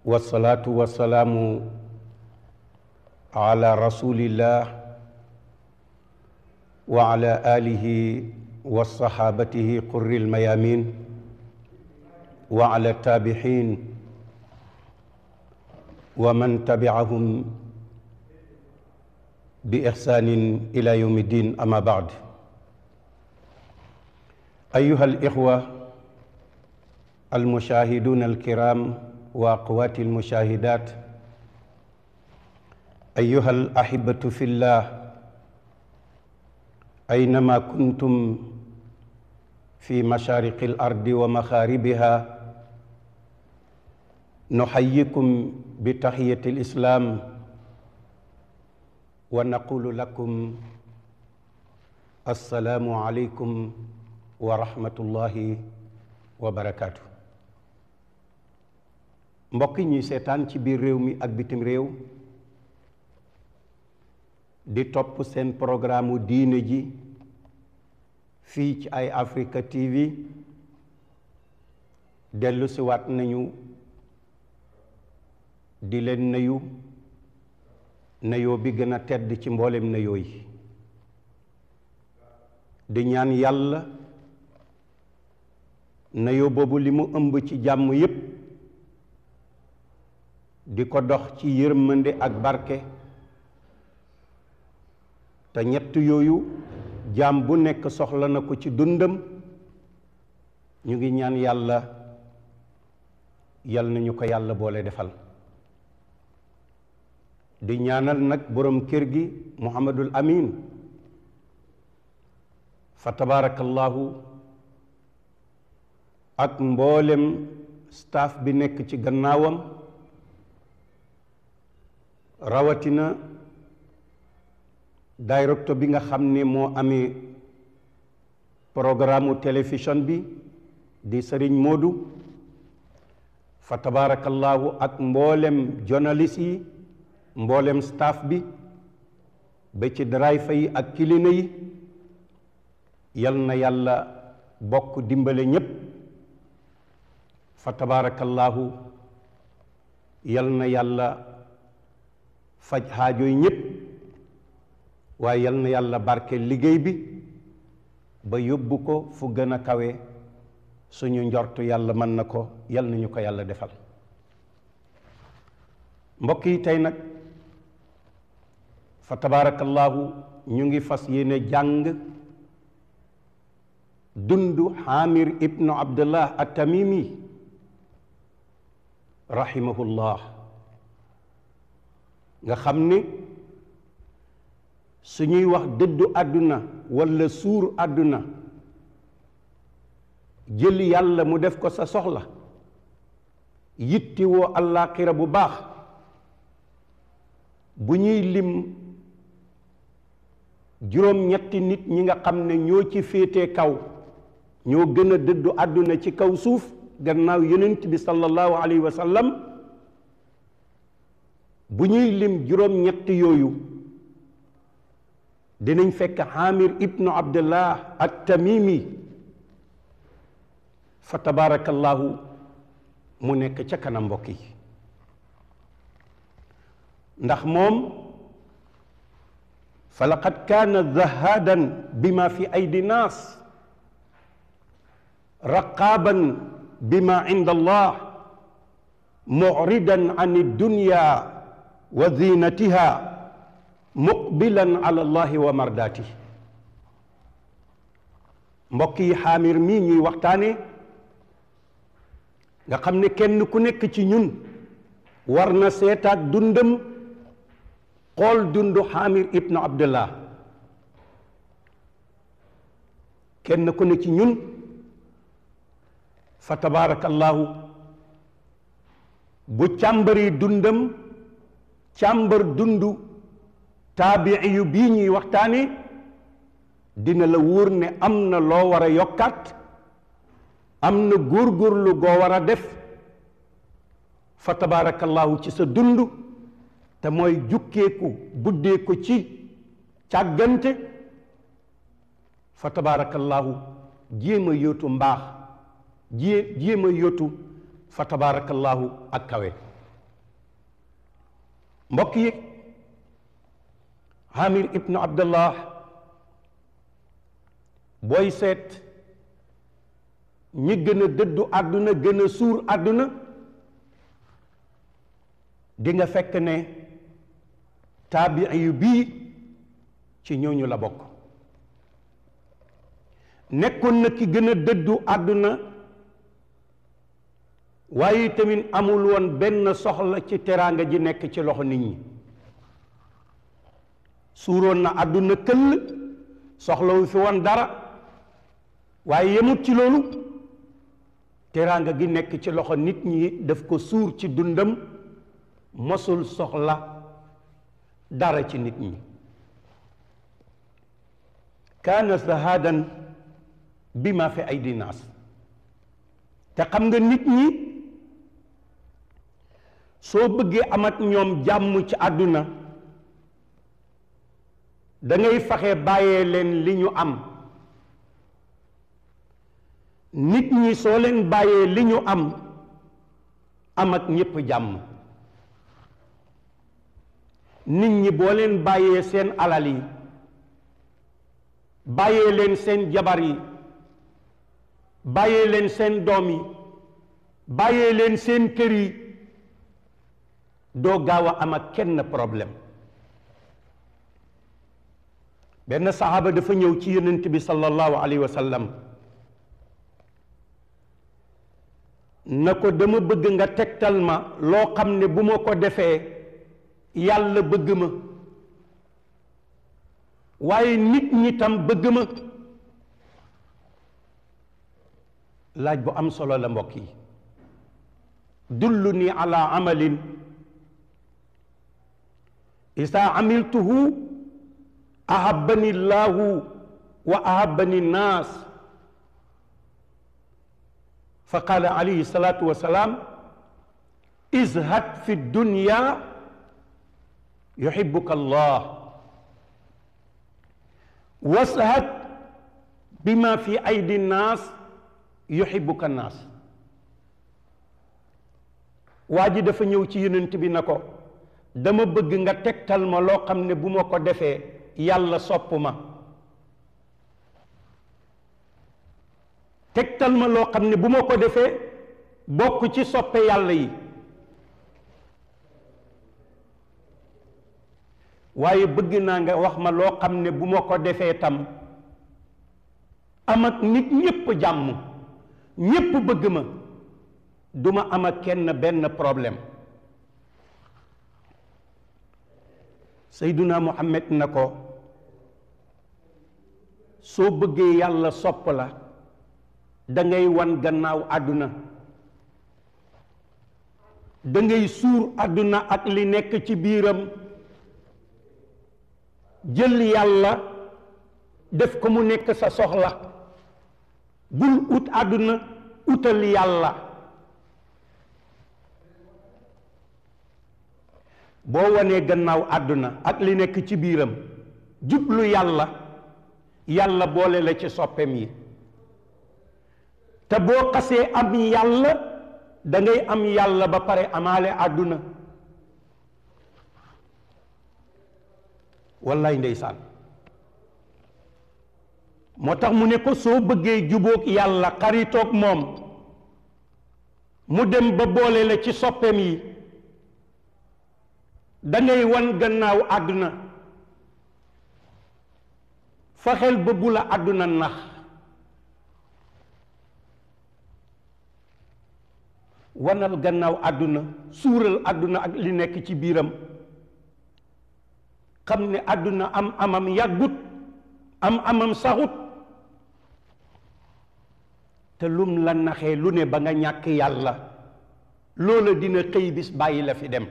wasalaatu wasalaamu ala rasulillah wa ala alihi wa saxaabatihi qurril mayamin wa ala taabixin wa man tabi'ahum bi ixsaanin ila yawmi ddin amma baad ayyuha al ixwa al mushaahiduuna al kiraam وأقوات المشاهدات أيها الأحبة في الله أينما كنتم في مشارق الأرض ومغاربها نحييكم بتحية الإسلام ونقول لكم السلام عليكم ورحمة الله وبركاته mbokk yi ñuy seetaan ci biir réew mi ak bitim réew di topp seen programme diine ji fii ci ay Africa TV dellu siwaat nañu di leen nuyu nuyoo bi gën a tedd ci mboolem nuyoo yi di ñaan yàlla nuyoo boobu li mu ëmb ci jàmm yépp di ko dox ci yërmande ak barke te ñett yooyu jaam bu nekk soxla na ko ci dundam ñu ngi ñaan yàlla yal nañu ko yàlla boole defal di ñaanal nag boroom kër gi Muhammadul Amin fa tabaarakallaahu ak mboolem staff bi nekk ci gannaawam rawatina directeur bi nga xam ne moo amee programme télévision bi di Sëriñ Moodu fa tabaarakallaahu ak mboolem journaliste yi mboolem staff bi ba ci driver yi ak kilina yi yal na yàlla bokk dimbale ñépp fa tabaarakallaahu yal na yàlla faj xaajooy ñëpp waaye yal na yàlla barke liggéey bi ba yóbbu ko fu gën a kawe suñu njort yàlla mën na ko yal nañu ko yàlla defal mbokk yi tey nag fa tabaarakallaahu ñu ngi fas yéene jàng dund xaamir ibnu abdullah at tamimi rahimahullah nga xam ni su ñuy wax dëddu àdduna walla suur àdduna jël yàlla mu def ko sa soxla yittiwoo allaaxira bu baax bu ñuy lim juróom-ñetti nit ñi nga xam ne ñoo ci féete kaw ñoo gën dëddu àdduna ci kaw suuf gannaaw yonent bi sallallahu alayhi wa bu ñuy lim juróom-ñett yooyu dinañ fekk Amir ibnu Abdullah at-Tamimi fa tabarakallahu mu nekk ca kanam mbokk ndax moom fa laqad kaana zahadan bima fi aydi naas raqaaban bima inda allah muridan an ad-dunya wa zinatiha muqbilan ala allahi wa mardaati mbokk yi xaamir mii ñuy waxtaane nga xam ne kenn ku nekk ci ñun war na seetaat dundam xool dundu xaamir ibnu abdullah kenn ku ne ci ñun fa tabaarakallahu bu càmbari dundam càmbar dundu taabii yu bii ñuy waxtaane dina la wóor ne am na loo war a yokkaat am na góorgóorlu goo war a def fa tabaarakallaahu ci sa dund te mooy jukkee ko buddee ko ci càggante fa tabaarakallaahu jéem a mbaax jé jéem a fa tabaarakallaahu ak kawe mbokk yi amir ibnu abdullah booy seet ñi gën a dëddu àdduna gën a suur àdduna di fekk ne taabii yu bii ci ñooñu la bokk nekkoon na ki gëna a dëddu àdduna waaye tamit amul woon benn soxla ci teraanga ji nekk ci loxo nit ñi suuroon na àdduna këll soxlawu fi woon dara waaye yemut ci loolu teraanga gi nekk ci loxo nit ñi daf ko suur ci dundam mosul soxla dara ci nit ñi kaana sahadan bi ma fi aydi naas te xam nga nit ñi soo bëggee amat ak ñoom jàmm ci àdduna dangay faxe bàyyee leen li ñu am nit ñi soo leen bàyyee li ñu am amat ñépp jàmm nit ñi boo leen bàyyee seen alal yi bàyyee leen seen jabar yi bàyyee leen seen doom yi bàyyee leen seen kër yi doo gaaw a am ak kenn problème benn saxaaba dafa ñëw ci yonent bi sallallahu alayhi wa na ko dama bëgg nga tegtal ma loo xam ne bu ma ko defee yàlla bëgg ma waaye nit ñi tam bëgg ma laaj bu am solo la mbokk yi dulluni ala amalin isaa amiltuhu ahabani llaahu wa ahabani nnaas fa qaala alayhi salaatu wa salaam izhad fi dunya yuhibbuka llah wazhad bima fi aydi nnaas yuhibbuka nnaas waa ji dafa ñëw ci yonent bi na ko dama bëgg nga tegtal ma loo xam ne bu ma ko defee yàlla sopp ma tegtal ma loo xam ne bu ma ko defee bokk ci soppe yàlla yi waaye bëgg naa nga wax ma loo xam ne bu ma ko defee tam am ak nit ñépp jàmm ñépp bëgg ma duma am ak kenn benn problème sayduna muhammad na ko soo bëggee yàlla sopp la da wan gannaaw àdduna da ngay suur àdduna ak li nekk ci biiram jël yàlla def ko mu nekk sa soxla bul ut àdduna utal yàlla boo wanee gannaaw àdduna ak li nekk ci biiram jublu yàlla yàlla boole la ci soppeem yi te boo xasee am yàlla da ngay am yàlla ba pare amaale àdduna wallaay ndeysaan moo tax mu ne ko soo bëggee jubóog yàlla xaritoog moom mu dem ba boole la ci soppeem yi dangay wan gannaaw àdduna faxel ba bu la àdduna nax wanal gannaaw àdduna suural àdduna ak li nekk ci biiram xam ne àdduna am amam yàggut am amam saxut te lum la naxee lu ne ba nga ñàkk yàlla loola dina xëy bis bàyyi la fi dem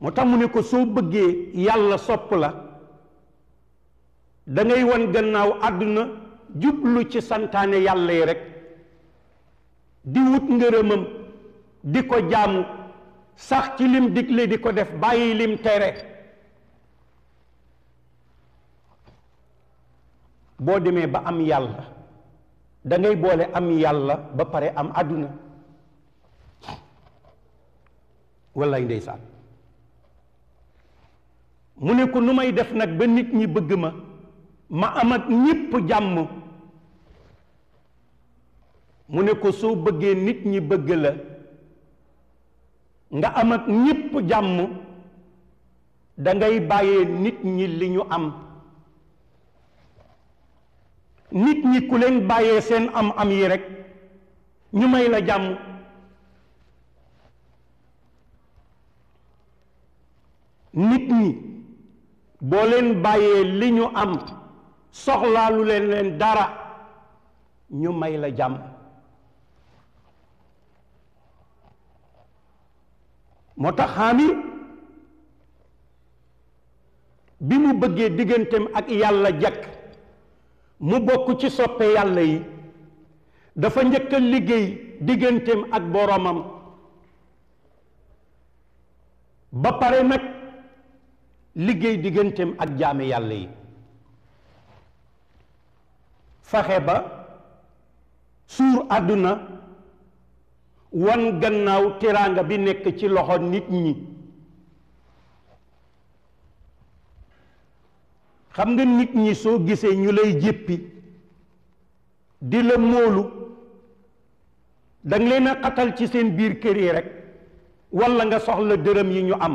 moo tax mu ne ko soo bëggee yàlla sopp la da ngay wan gannaaw àdduna jublu ci santaane yàlla yi rek di wut ngërëmam di ko jaamu sax ci lim digle di ko def bàyyi lim tere boo demee ba am yàlla da ngay boole am yàlla ba pare am àdduna wallaay ndeysaan mu ne ko nu may def nag ba nit ñi bëgg ma ma am ak ñépp jàmm mu ne ko soo bëggee nit ñi bëgg la nga am ak ñépp jàmm da ngay bàyyee nit ñi li ñu am nit ñi ku leen bàyyee seen am am yi rekk ñu may la jàmm nit ñi boo leen bàyyee li ñu am soxlaalu leen leen dara ñu may la jàmm moo tax xaami bi mu bëggee digganteem ak yàlla jakk mu bokk ci soppe yàlla yi dafa njëkk liggéey digganteem ak boroomam ba pare nag liggéey digganteem ak jaami yàlla yi faxe ba suur àdduna wan gannaaw teraanga bi nekk ci loxo nit ñi xam nga nit ñi soo gisee ñu lay jéppi di la móolu danga leen a xatal ci seen biir kër yi rekk walla nga soxla dërëm yi ñu am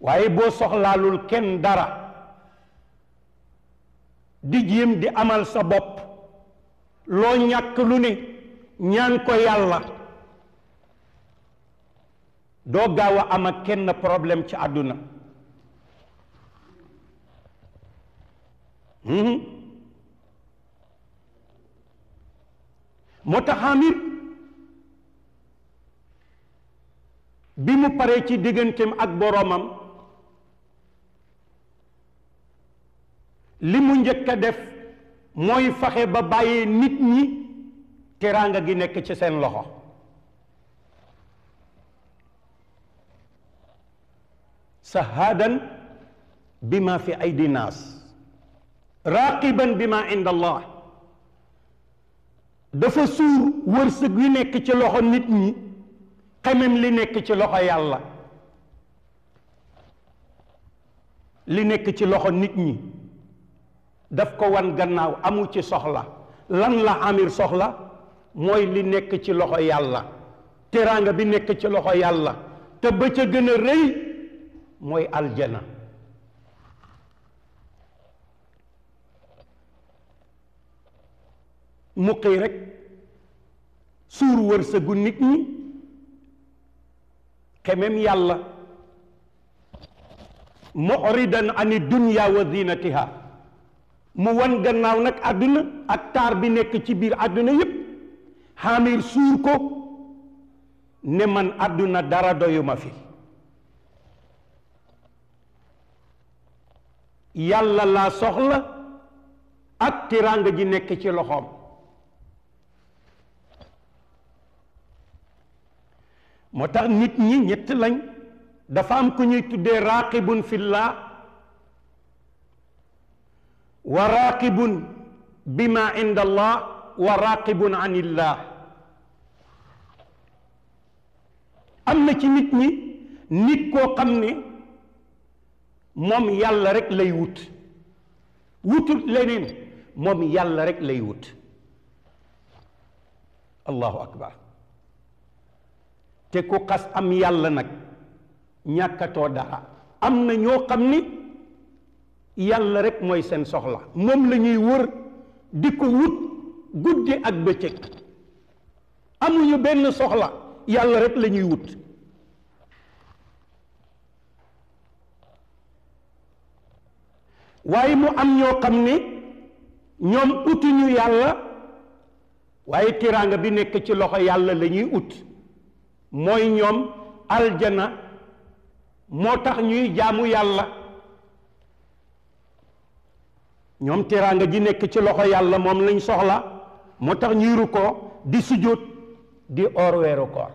waaye boo soxlaalul kenn dara di di amal sa bopp loo ñàkk lu ne ñaan ko yàlla doo gaaw a am ak kenn problème ci àdduna hmm? moo tax Amir bi mu paree ci digganteem ak boroomam li mu njëkk a def mooy faxe ba bàyyee nit ñi teraanga gi nekk ci seen loxo sahaadan bi ma fi aydi naas raqiban bi ma inda dafa suur wërsëg yu nekk ci loxo nit ñi xemem li nekk ci loxo yàlla li nekk ci loxo nit ñi daf ko wan gannaaw amu ci soxla lan la amir soxla mooy li nekk ci loxo yàlla teraanga bi nekk ci loxo yàlla te ba ca gën a rëy mooy aljana muqi rekk suur wërsëgu nit ñi xemem yàlla mu'ridan ani dunya wa zinatiha mu wan gannaaw nag àdduna ak taar bi nekk ci biir àdduna yépp xaamir suur ko ne man àdduna dara doyuma fi yàlla laa soxla ak tiranga ji nekk ci loxoom moo tax nit ñi ñett lañ dafa am ku ñuy tuddee raaqibun fillah wa raqibun bima inda allah wa raqibun an illah am na ci nit ñi nit koo xam ni moom yàlla rek lay wut wutut leneen moom yàlla rek lay wut allahu akbar te ku xas am yàlla nag ñàkkatoo dara am na ñoo xam ni yàlla rekk mooy seen soxla moom lañuy wër di ko wut guddi ak bëccëg amuñu benn soxla yàlla rekk lañuy wut waaye mu am ñoo xam ni ñoom utuñu yàlla waaye tiraanga bi nekk ci loxo yàlla lañuy ñuy ut mooy ñoom aljana moo tax ñuy jaamu yàlla ñoom teraanga ji nekk ci loxo yàlla moom lañ soxla moo tax ñuy rukkoo di sujjóot di or weeru koor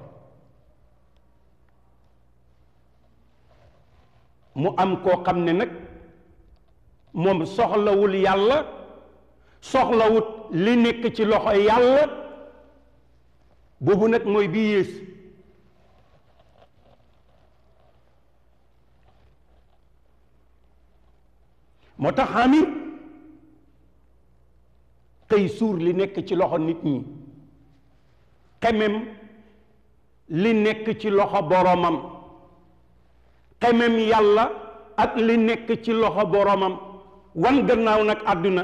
mu am koo xam ne nag moom soxlawul yàlla soxlawut li nekk ci loxo yàlla boobu nag mooy bi yées moo tax Amir tey suur li nekk ci loxo nit ñi xemem li nekk ci loxo boromam xemem yàlla ak li nekk ci loxo boromam wan gannaaw nag àdduna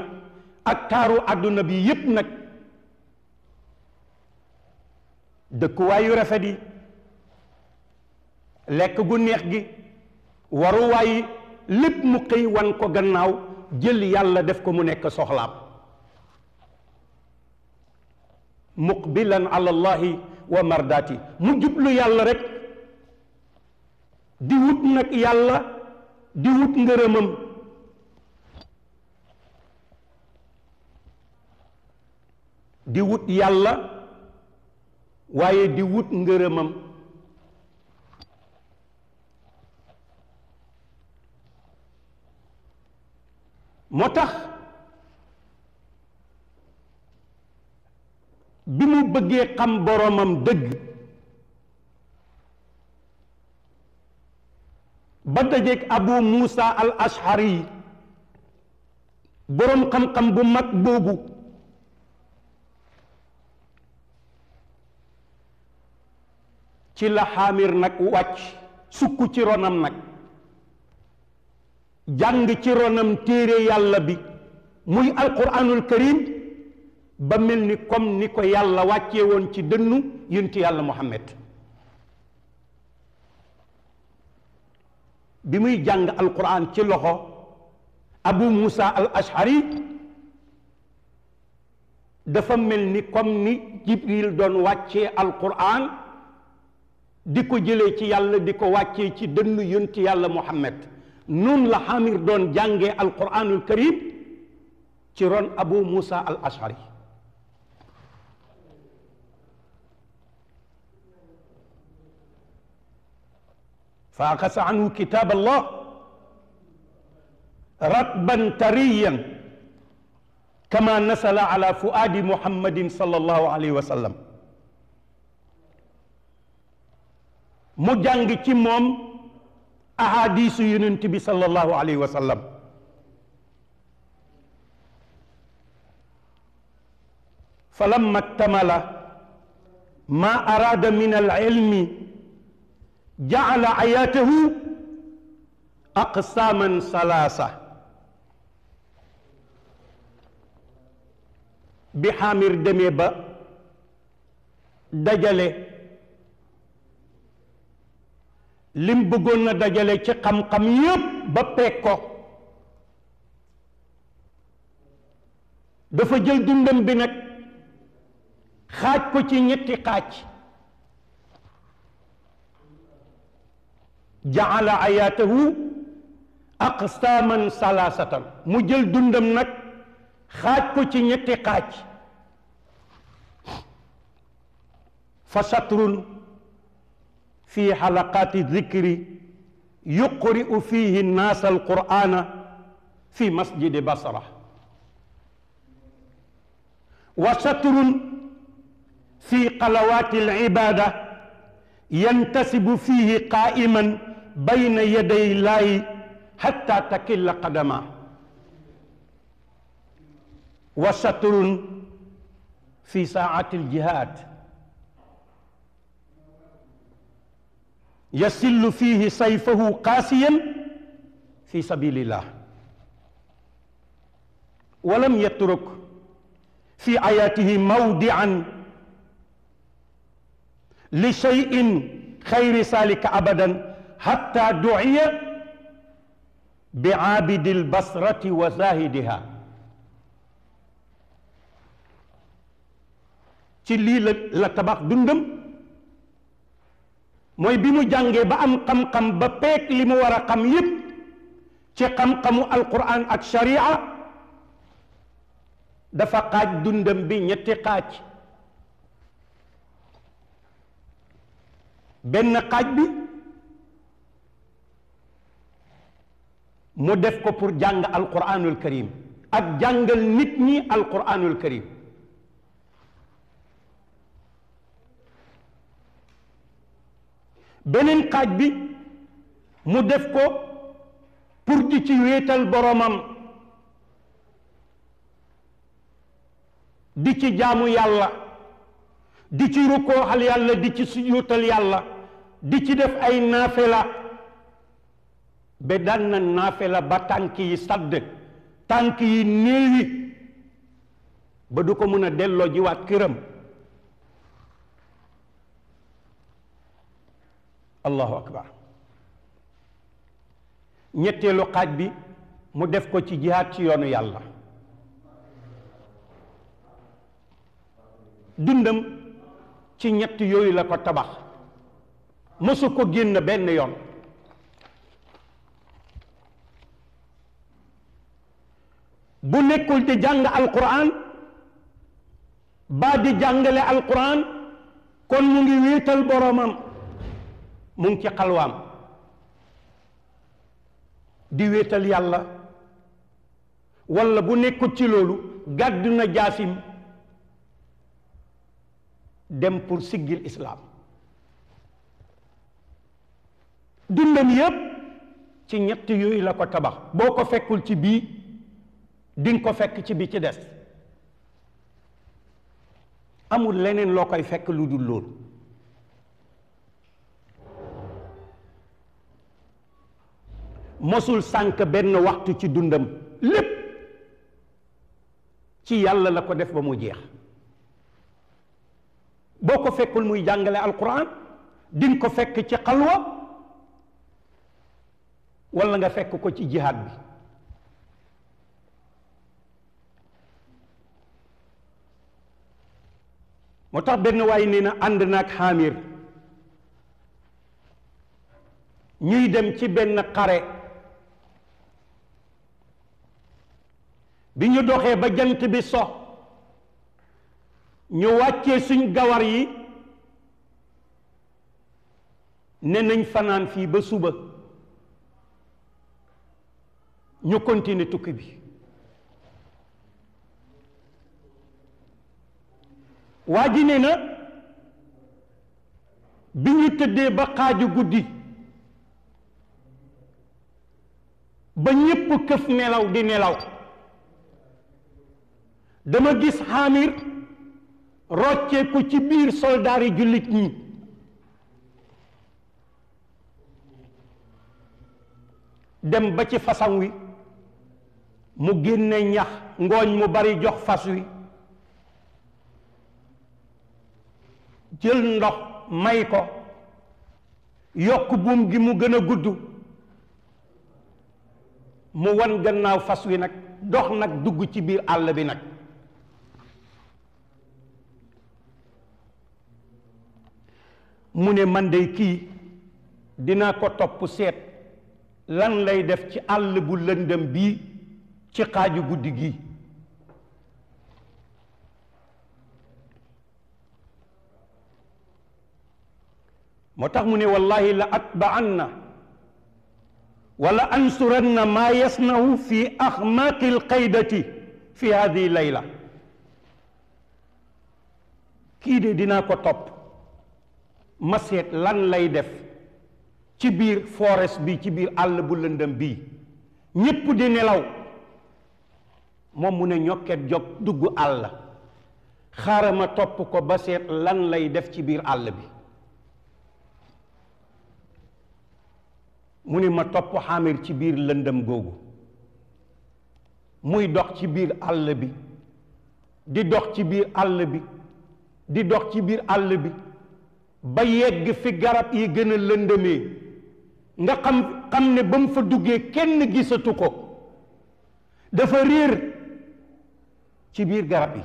ak taaru àdduna bi yépp nag dëkkuwaayu rafet yi lekk gu neex gi waruwaay lépp mu xëy wan ko gannaaw jël yàlla def ko mu nekk soxlaam muqbilan ala allahi wa mardaati mu jublu yàlla rek di wut nag yàlla di wut ngërëmam di wut yàlla waaye di wut ngërëmam moo tax bi mu bëggee xam boroomam dëgg ba dajeeg abu muusa al ashari boroom xam-xam bu mag boobu ci la xaamir nag wàcc sukk ci ronam nag jàng ci ronam téere yàlla bi muy alquranul karim ba mel ni comme ni ko yàlla wàccee woon ci dënnu yunti yàlla Muhammad bi muy jàng alquran ci loxo abu musa al ashari dafa mel ni comme ni jibril doon wàccee alquran di ko jële ci yàlla di ko wàccee ci dënnu yunti yàlla Muhammad nun la xamir doon jàngee alquranul karim ci ron abu musa al ashari فعكس عنه كتاب الله رتبا طريا كما نزل على فؤاد محمد صلى الله عليه وسلم mu jàng ci moom ahadisu yonent bi sallallahu alayhi wa sallam falamma ktamala ma arada min al ilmi jaala ayaatahu aqsaaman salaasa bi xaamir demee ba dajale lim bëggoon na dajale ci xam-xam yépp ba peeg ko dafa jël dundam bi nag xaaj ko ci ñetti xaaj jaala ayaatahu aqsaaman salaasatan mu jël dundam nag xaaj ko ci ñetti xaaj fa satrun fi xalaqaati dikri yuqri'u fihi nnaasa alqur'ana fi masjidi basra wa satrun fi qalawaati alibada yantasibu fihi qaa'iman bayna yaday laahi xatta takilla qadama wa satrun fi saati aljihaad yasillu fihi sayfahu qaasiyan fi sabilillah walam yatruk fi ayaatihi mawdian li cheyin xayri salika abadan hatta du'iya bi abidil basrati wa zahidiha ci lii la la tabax dundam mooy bi mu jàngee ba am xam-xam ba peek li mu war a xam yépp ci xam-xamu alquran ak sharia dafa xaaj dundam bi ñetti xaaj benn xaaj bi mu def ko pour jàng alquranul karim ak jàngal nit ñi alquranul kërim beneen kaaj bi mu def ko pour di ci wéetal boromam di ci jaamu yàlla di ci rukkooxal yàlla di ci sujjóotal yàlla di ci def ay naafela ba daan naafe la ba tànk yi sàdd tànk yi néewi ba du ko mën a delloo jiwaat këram allahu akbar ñetteelu xaaj bi mu def ko ci jihaat ci yoonu yàlla dundam ci ñett yooyu la ko tabax mësu ko génn benn yoon bu nekkul di jàng alquran ba di jàngale alquran kon mu ngi wéetal boroomam mu ngi ci xalwaam di wéetal yàlla walla bu nekkul ci loolu gàdd na jaasim dem pour siggil islaam dundam yépp ci ñett yooyu la ko tabax boo ko fekkul ci bii di ko fekk ci bi ci des amul leneen loo koy fekk lu dul loolu mosul sànk benn waxtu ci dundam lépp ci yàlla la ko def ba mu jeex boo ko fekkul muy jàngale alquran di ko fekk ci xalwa wala nga fekk ko ci jihaad bi moo tax benn waay nee na ànd naag xaamir ñuy dem ci benn xare bi ñu doxee ba jant bi so ñu wàccee suñ gawar yi ne nañ fanaan fii ba suba ñu continuer tukki bi waa ji na bi ñu tëddee ba xaaju guddi ba ñépp këf nelaw di nelaw dama gis xaamir rocceeku ci biir soldaari jullit ñi dem ba ci fasam wi mu génne ñax ngooñ mu bari jox fas wi jël ndox may ko yokk buum gi mu gën a gudd mu wan gannaaw fas wi nag dox nag dugg ci biir àll bi nag mu ne man dey kii dina ko topp seet lan lay def ci àll bu lëndëm bii ci xaaju guddi gi moo tax mu ne wallahi la atba'anna wala ansuranna maa yasnahu fi axmaaqi alqaydati fi hadihi layla kii de dina ko topp maseet lan lay def ci biir forest bi ci biir àll bu lëndëm bi ñépp di nelaw moom mu ne ñokket jog dugg àll xaaral ma topp ko ba seet lan lay def ci biir àll bi mu ne ma topp xaamir ci biir lëndëm googu muy dox ci biir bi di dox ci biir àll bi di dox ci biir àll bi ba yegg fi garab yi gën a lëndëmee nga xam xam ne ba mu fa duggee kenn gisatu ko dafa réer ci biir garab yi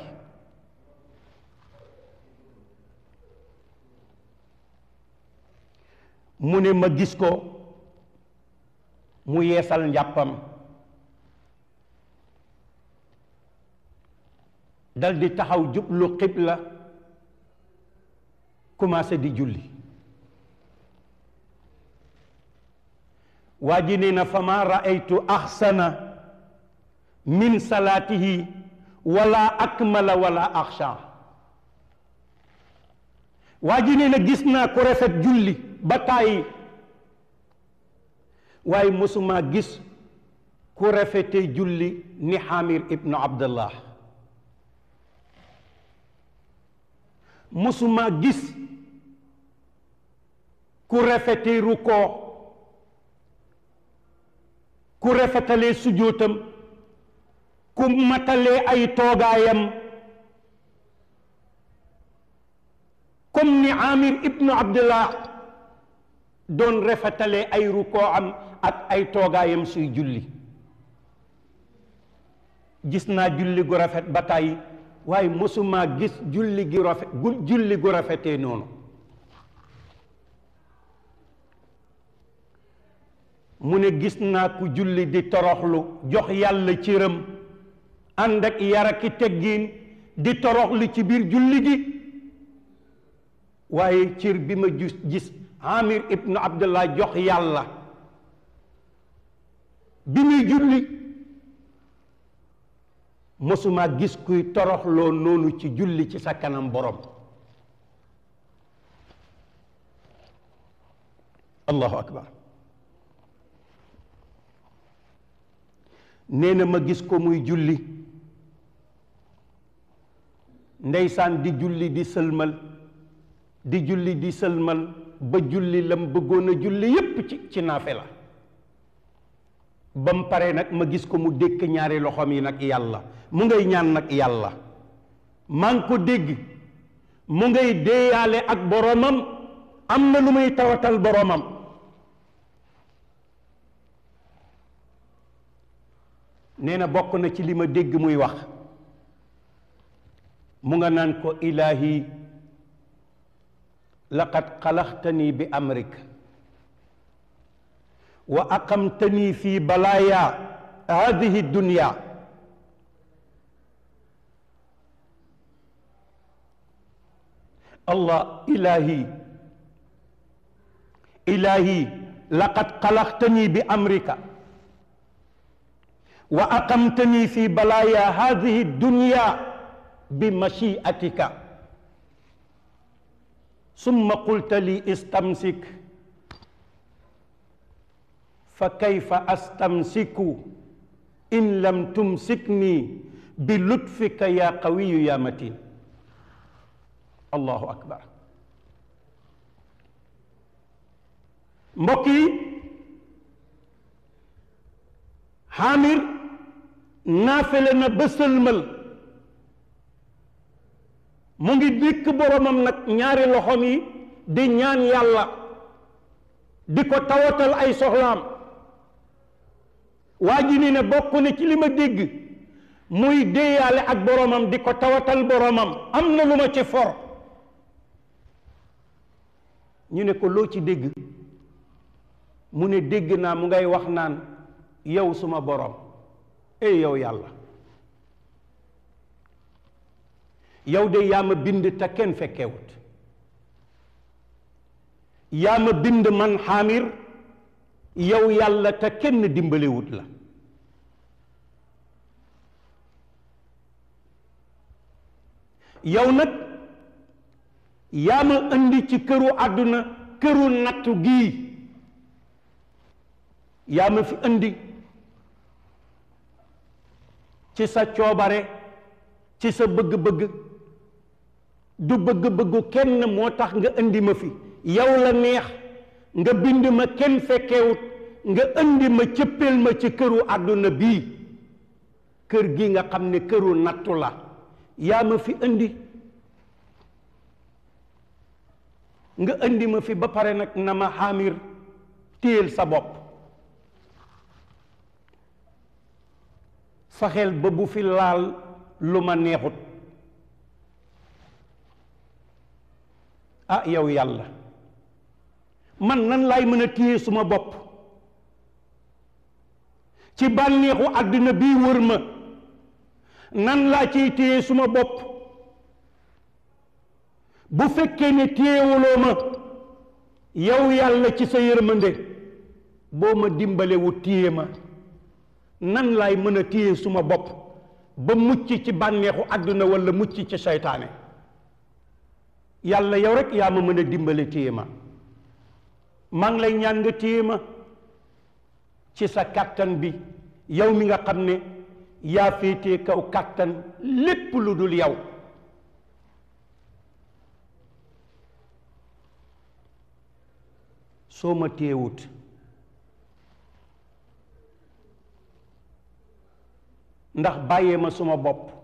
mu ne ma gis ko mu yeesal njàppam dal di taxaw jublu xibla commencé di julli waa ji nee na fama raaytu axsana min salaatihi wala akmala wala axsha waa ji nee na gis naa ko rafet julli ba tàyyi waay mësumaa gis ku rafete julli ni xamir ibnu abdallah mësumaa gis ku rafete rukoo ku rafetalee sujootam ku matalee ay toogaayam comme ni amir ibnu abdallah doon rafetale ay rukoo am ak ay toogaayam suy julli gis naa julli gu rafet ba tàyyi waaye mosuma gis julli gi rafet gu julli gu rafetee noonu mu ne gis naa ku julli di toroxlu jox yàlla cëram ànd ak yar ak teggiin di toroxlu ci biir julli gi waaye cër bi ma gis amir ibnu abdullah jox yàlla bi muy julli mosuma gis kuy toroxloo noonu ci julli ci sa kanam borom allahu akbar nee na ma gis ko muy julli ndeysaan di julli di sëlmal di julli di sëlmal ba julli lam bëggoon a julli yépp ci ci naafe la ba mu paree nag ma gis ko mu dékk ñaari loxoom yi nag yàlla mu ngay ñaan nag yàlla maa ngi ko dégg mu ngay déeyaale ak boroomam am na lu muy tawatal boroomam nee na bokk na ci li ma dégg muy wax mu nga naan ko ilaahi laqad xalaxtani bi amrik wa aqamtani fi balaaya hadihi dunya allah ilahi ilahi laqad xalaxtani bi amrika wa aqamtani fi balaaya hadihi dunya bi machiatika summa qulta li istamsik fa kayfa astamsiku in lam tumsikni bi lutfika yaa qawiyu yaa matin allahu akbar mbokk yi xaamir naafele na ba sëlmal mu ngi dékk boromam nag ñaari loxoom yi di ñaan yàlla di ko tawatal ay soxlaam waa ji ni ne bokk na ci li ma dégg muy déeyaale ak boromam di ko tawatal boromam am na lu ma ci for ñu ne ko loo ci dégg mu ne dégg naa mu ngay wax naan yow suma borom ey yow yàlla yow de yaa ma bind te kenn fekkewut yaa ma bind man xaamir yow yàlla te kenn dimbalewut la yow nag yaa ma indi ci këru àdduna këru nattu gii yaa ma fi indi ci sa coobare ci sa bëgg-bëgg du bëgg-bëggu kenn moo tax nga indi ma fi yow la neex nga bind ma kenn fekkewut nga indi ma cëppeel ma ci këru àdduna bii kër gi nga xam ne këru nattu la yaa ma fi indi nga indi ma fi ba pare nag na ma xaamir téyel sa bopp faxeel ba bu fi laal lu ma neexut ah yow yàlla man nan laay mën a téye suma bopp ci bànneexu àdduna bii wër ma nan laa ciy téye suma bopp bu fekkee ne téyewuloo ma yow yàlla ci sa yërmande boo ma dimbalewu téye ma nan laay mën a téye suma bopp ba mucc ci bànneexu àdduna walla mucc ci seytaane yàlla yow rekk yaa ma mën a dimbale téye ma maa lay ñaan nga téye ma ci sa kàttan bi yow mi nga xam ne yaa féetee kaw kàttan lépp lu dul yow soo ma téyewut ndax bàyyee ma suma bopp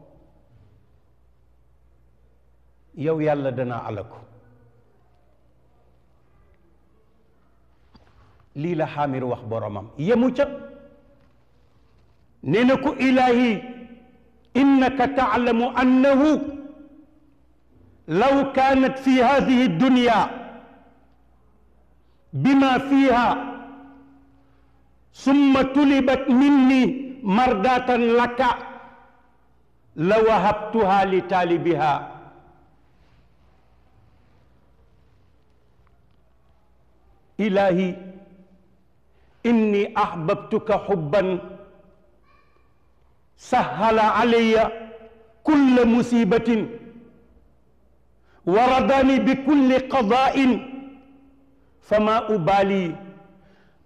yow yàlla danaa alaku lii la xaamir wax boromam yemu ca nee na ko ilaahi innaka taalamu annahu law kaanat fi hadihi dunya bima fiha summa tulibat minni mardatan laka la wahabtuha li taalibiha إلهي إني أحببتك حبا سهل علي كل مصيبة وردني بكل قضاء فما أبالي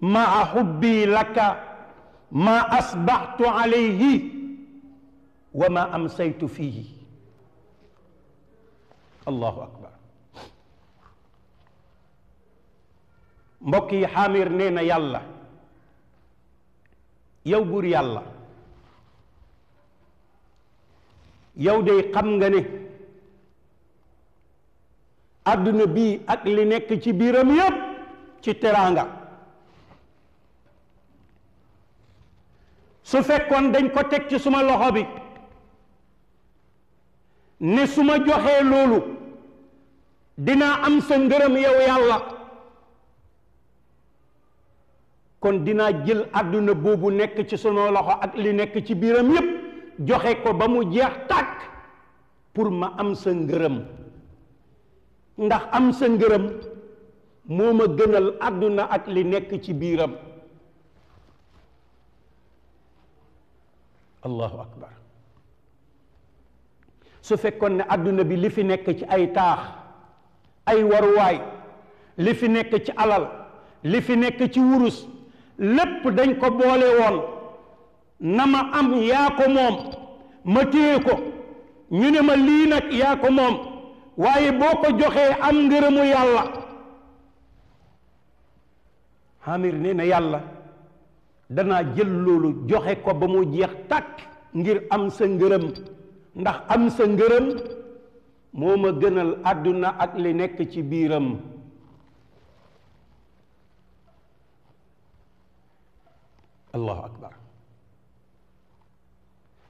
مع حبي لك ما أصبحت عليه وما أمسيت فيه الله أكبر mbokk yi xaamir nee na yàlla yow buur yàlla yow dey xam nga ne àdduna bii ak li nekk ci biiram yépp ci teraanga su fekkoon dañ ko teg ci suma loxo bi ne suma ma joxee loolu dinaa am sa ngërëm yow yàlla kon dinaa jël àdduna boobu nekk ci sunu loxo ak li nekk ci biiram yépp joxe ko ba mu jeex tàkk pour ma am sa ngërëm ndax am sa ngërëm moo ma gënal àdduna ak li nekk ci biiram allahu akbar su fekkoon ne àdduna bi li fi nekk ci ay taax ay waruwaay li fi nekk ci alal li fi nekk ci wurus lépp dañ ko boole woon na ma am yaa ko moom ma téye ko ñu ne ma lii nag yaa ko moom waaye boo ko joxee am ngërëmu yàlla xamir nee na yàlla danaa jël loolu joxe ko ba mu jeex takk ngir am sa ngërëm ndax am sa ngërëm moo ma gënal àdduna ak li nekk ci biiram allahu akbar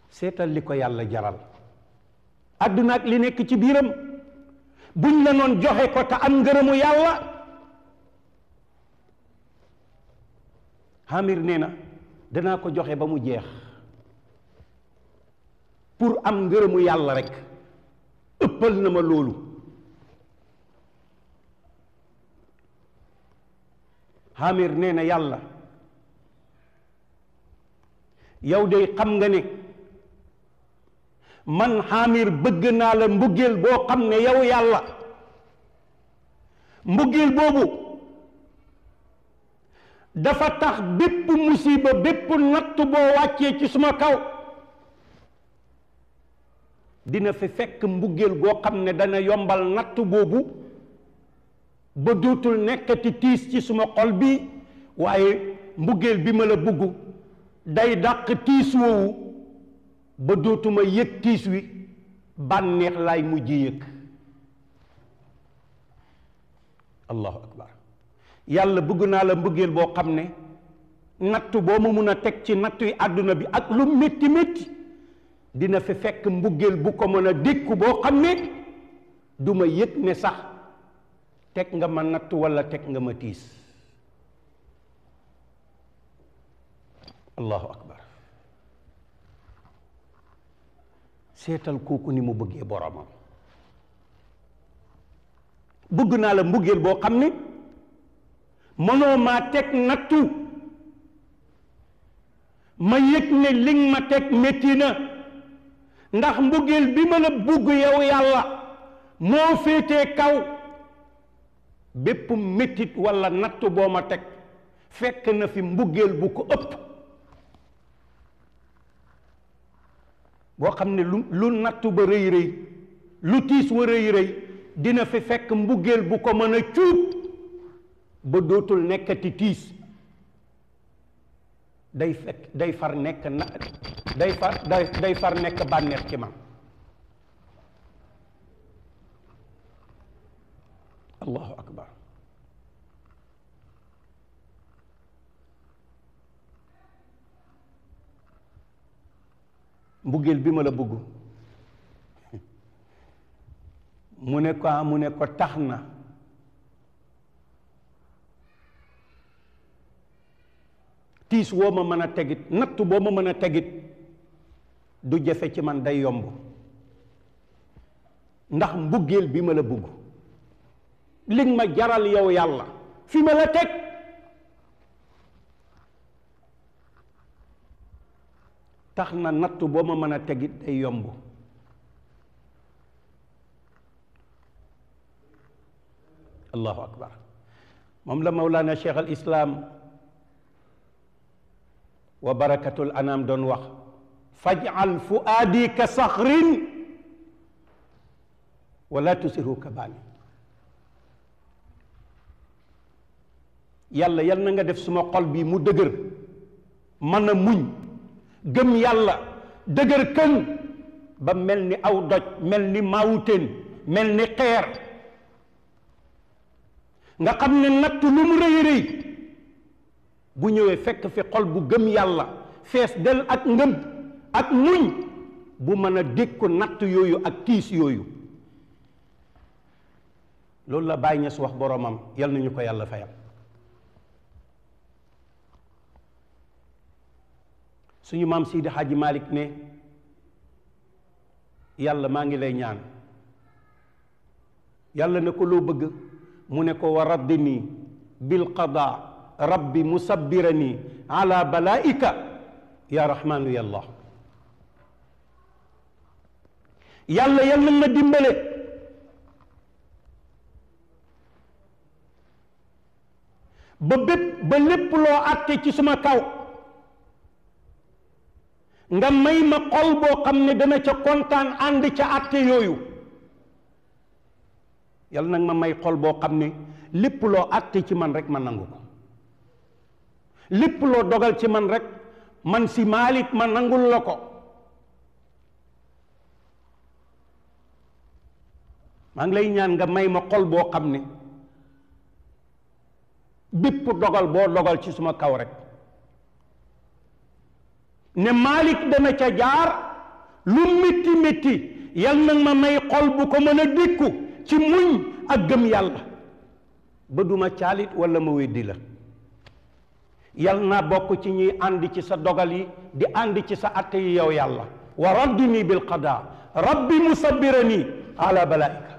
seetal li ko yàlla jaral àdduna ak li nekk ci biiram buñ la noon joxe ko te am ngërëmu yàlla Amir nee na danaa ko joxe ba mu jeex pour am ngërëmu yàlla rekk ëppal na ma loolu Amir nee na yàlla yow de xam nga ne man xaamir bëgg naa la mbugeel boo xam ne yow yàlla mbugeel boobu dafa tax bépp musiba bépp natt boo wàccee ci suma kaw dina fi fekk mbugeel goo xam ne dana yombal natt boobu ba dootul nekkati tiis ci suma xol bi waaye mbugeel bi ma la bugg day dàq tiis woowu ba dootuma yëg tiis wi bànneex laay mujj yëg allahu akbar yàlla bëgg naa la mbëggeel boo xam ne natt boo ma mën a teg ci natt yi àdduna bi ak lu métti metti dina fi fekk mbëggeel bu ko mën a dékku boo xam ne duma ma yëg ne sax teg nga ma natt walla teg nga ma tiis allahu akbar seetal kooku ni mu bëggee boromam bëgg naa la mbëggeel boo xam ne mënoo maa teg nattu ma yëg ne liñ ma teg métti na ndax mbëggeel bi ma la bëgg yow yàlla moo féetee kaw bépp méttit walla nattu boo ma teg fekk na fi mbëggeel bu ko ëpp boo xam ne lu lu nattu ba rëy rëy lu tiis wa rëy rëy dina fi fekk mbugeel bu ko mën a cuub ba dootul nekkati tiis day fekk day far nekk na day far day far nekk bànneex ci ma allahu akbar mbuggeel bi ma la bugg mu ne ko mu ne ko tax na tiis woo ma mën a tegit natt boo ma mën a tegit du jafe ci man day yomb ndax mbuggeel bi ma la bugg li ma jaral yow yàlla fi ma la teg tax na natt boo ma mën a tegit day yombu allahu akbar moom la mawlaana cheikh al islaam wa barakatul anam doon wax fajal fuaadi ka saxrin wala tusiru ka baani yàlla yal na nga def suma xol bi mu dëgër mën a muñ gëm yàlla dëgër këng ba mel ni aw doj mel ni maawuteen mel ni xeer nga xam ne natt lu mu rëy rëy bu ñëwee fekk fi xol bu gëm yàlla fees del ak ngëm ak muñ bu mën a dékku natt yooyu ak tiis yooyu loolu la Baay Ñas wax boromam yal na ñu ko yàlla fayal suñu maam Seydi Hadji Malick ne yàlla maa ngi lay ñaan yàlla ne ko loo bëgg mu ne ko wa raddini bil qada rabbi musabbirani ala balaika ya rahmanu yàlla yàlla yàlla na dimbale ba bépp loo àtte ci suma kaw nga may ma xol boo xam ne dana ca kontaan ànd ca àtte yooyu yal nag ma may xol boo xam ne lépp loo àtte ci man rek ma nangu ko lépp loo dogal ci man rek man si maalik ma nangul la ko maa ngi lay ñaan nga may ma xol boo xam ne bépp dogal boo dogal ci suma kaw rek ne Malick dana ca jaar lu métti métti yal nag ma may xol bu ko mën a dékku ci muñ ak gëm yàlla ba caalit walla ma weddi la yal na bokk ci ñuy ànd ci sa dogal yi di ànd ci sa atte yi yow yàlla wa raddini bil qada rabbi musabbirani ala balaika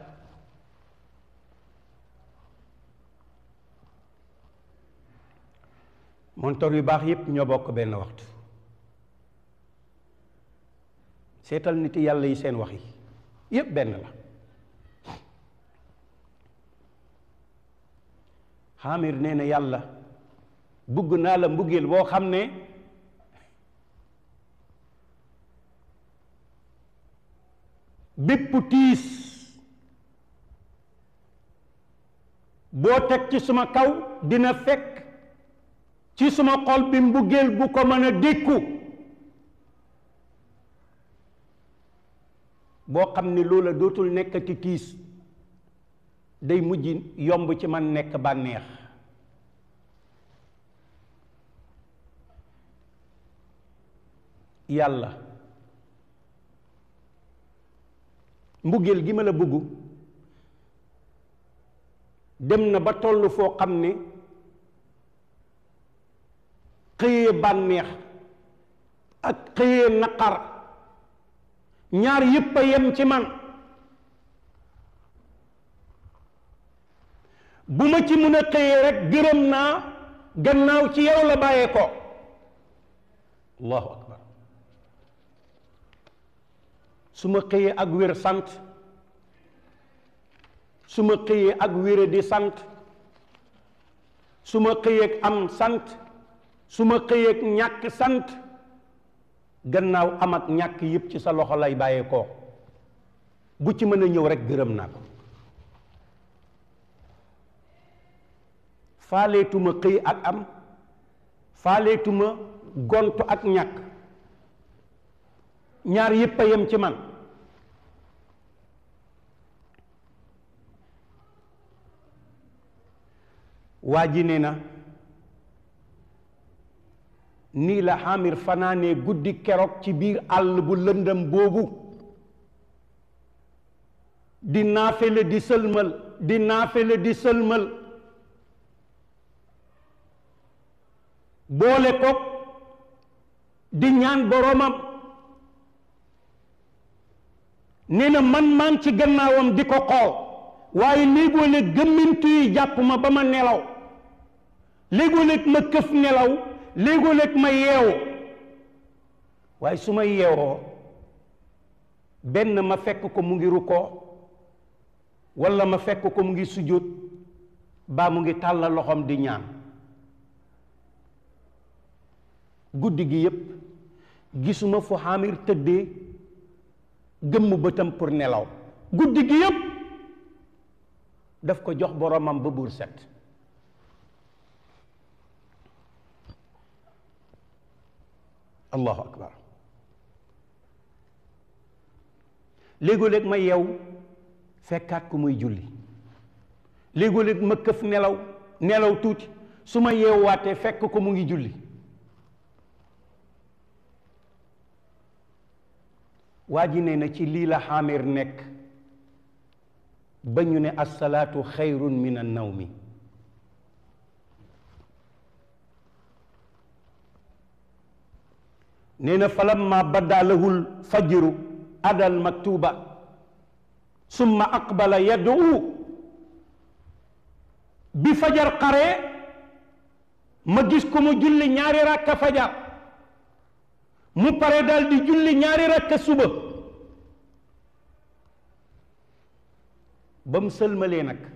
yu baax yépp ñoo bokk benn waxtu seetal nit yàlla yi seen wax yi yépp benn la xaamir nee na yàlla bugg naa la mbugeel boo xam ne bépp tiis boo teg ci suma kaw dina fekk ci suma xol bi mbugeel bu ko mën a dékku boo xam ne loola dootul nekkati tiis day mujj yomb ci man nekk bànneex yàlla mbugeel gi ma la bëggu dem na ba toll foo xam ne xëyee bànneex ak xëyee naqar ñaar yëpp a yem ci man bu ma ci mun a xëyee rek gërëm naa gannaaw ci yow la bàyyee ko allahu akbar su ma xëyee ak wér sant su ma xëyee ak wére di sant su ma xëyee ak am sant su ma xëyee ak ñàkk sant gannaaw am ak ñàkk yépp ci sa loxo lay bàyyeekoo bu ci mën a ñëw rekk gërëm naa ko faaleetuma xëy ak am faaleetuma gont ak ñàkk ñaar yëpp a yem ci man waa ji na nii la xamir fanaanee guddi keroog ci biir àll bu lëndëm boobu di naafele di sëlmal di naafele di sëlmal boole ko di ñaan boroomam nee na man maan ci gannaawam di ko xool waaye léegoo léeg gëmmintu jàpp ma ba ma nelaw léegoo léeg ma këf nelaw léegoo-léeg ma yeewu waaye su ma yeewoo benn ma fekk ko mu ngi rukkoo walla ma fekk ko mu ngi sujjóot baa mu ngi tàllal loxoom di ñaan guddi gi yépp gisuma fu xaamir tëddee gëmm bëtam pour nelaw guddi gi yépp daf ko jox boromam ba buur set allahu akbar léegoo-léeg ma yeew fekkaat ku muy julli léegoo-léeg ma këf nelaw nelaw tuuti su ma yeewaatee fekk ko mu ngi julli waa ji na ci lii la xaamir nekk ba ñu ne asalaatu xayrun min an nawmi nee na falamma badda lahul fajru adal maktuba summa aqbala yad'u bi fajar xaree ma gis ko mu julli ñaari rakka fajar mu pare daal di julli ñaari rakka suba ba mu sëlmalee nag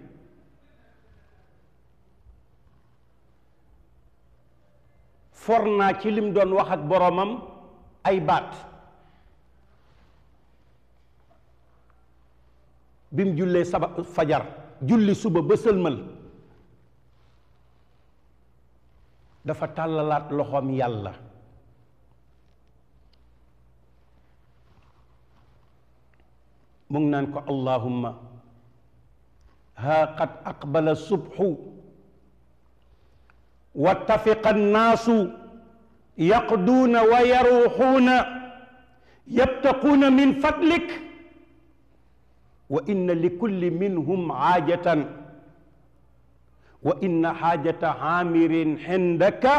for naa ci lim doon wax ak boroomam ay baat bi mu jullee saba fajar julli suba ba sëlmal dafa tàllalaat loxoom yàlla mu ngi naan ko allahumma haa qad aqbala subhu wattafiqa annaasu yaqduuna wa yaruuxuuna yabtaquuna min fadlik wa inna likulli minhum xaajatan wa inna xaajata xaamirin xindaka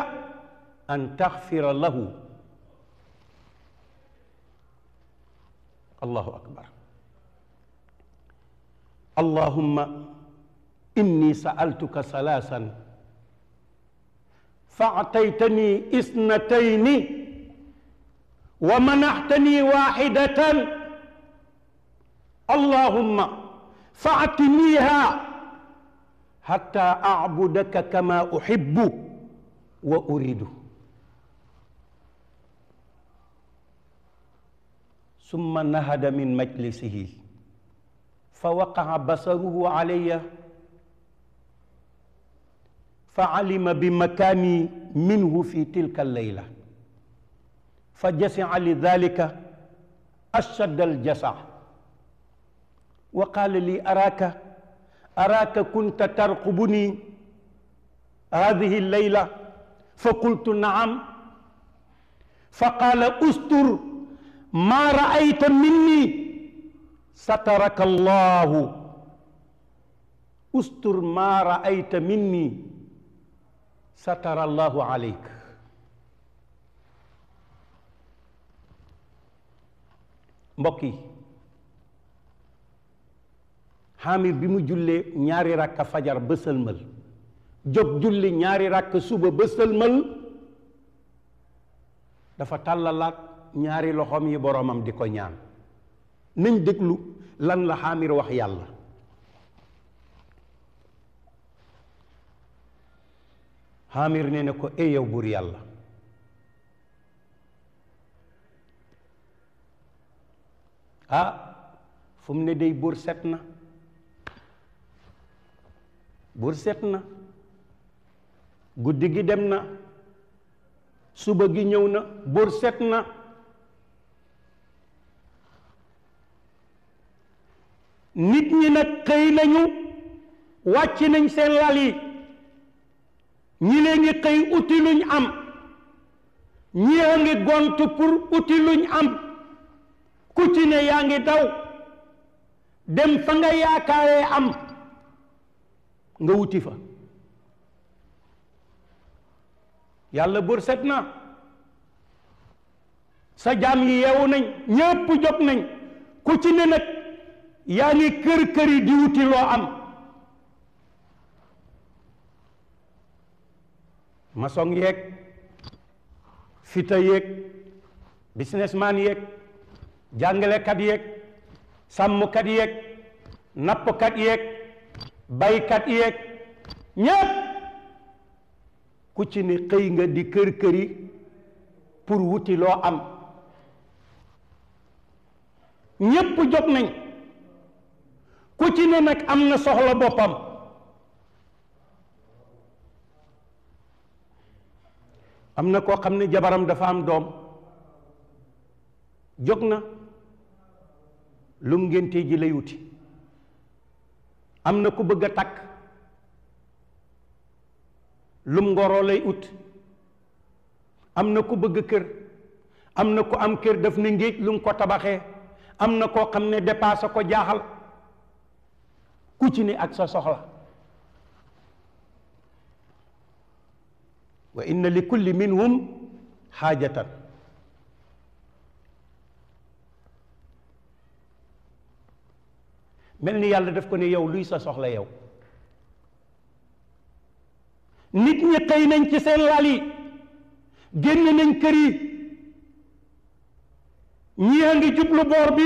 an taxfira lahu allahu akbar allahumma inni sa'altuka salaasan faataytani isnatayni wa manaxtani waxidatan allahumma faatiniha xata acbudaka kama uxibu wa uridu summa nahada min majlisihi fa waqaa basaruhu alayya fa alima bi makaani minhu fi tilka leyla fa jasia li dalika ashadd aljasa wa qaala li araaka araaka kunta tarqubuni hadihi leyla fa qultu naam fa qaala ustur maa raayta minni sataraka allahu ustur maa raayta minni satara allahu aleyk mbokk yi xaamir bi mu jullee ñaari rakka fajar ba sëlmal jóg julli ñaari rakk suba ba sëlmal dafa tàllalaat ñaari loxoom yi boroomam di ko ñaan nañ déglu lan la xaamir wax yàlla xaamir ne na ko ey yow buur yàlla ah fu mu ne day buur set na buur set na guddi gi dem na suba gi ñëw na buur set na nit ñi nag xëy nañu wàcc nañ seen lal yi ñi lee ngi xëy uti am ñi a ngi gont pour uti luñ am ku ci ne yaa ngi daw dem fa nga yaakaaree am nga wuti fa yàlla bur set na sa jaam yi yeewu nañ ñépp jóg nañ ku ci ne nag yaa ngi kër-këri di wuti am maçon yeeg fita yeeg businessman yeeg jàngalekat yéeg sàmmkat yéeg nappkat yéeg baykat yeeg ñépp ku ni xëy nga di kër-këri pour wuti loo am ñépp jot nañ ku ci ne nag am na soxla boppam am na koo xam ne jabaram dafa am doom jóg na lum ngénte ji lay wuti am na ku bëgg a takk lum ngoroo lay ut am na ku bëgg kër am na ku am kër daf ne ngéej lu ko tabaxee am na koo xam ne dépassé ko jaaxal ku ci ne ak sa soxla wa inna li kulli minhum xaajatan mel ni yàlla def ko ne yow luy sa soxla yow nit ñi xëy nañ ci seen lal génn nañ kër yi ñii a ngi jublu boor bi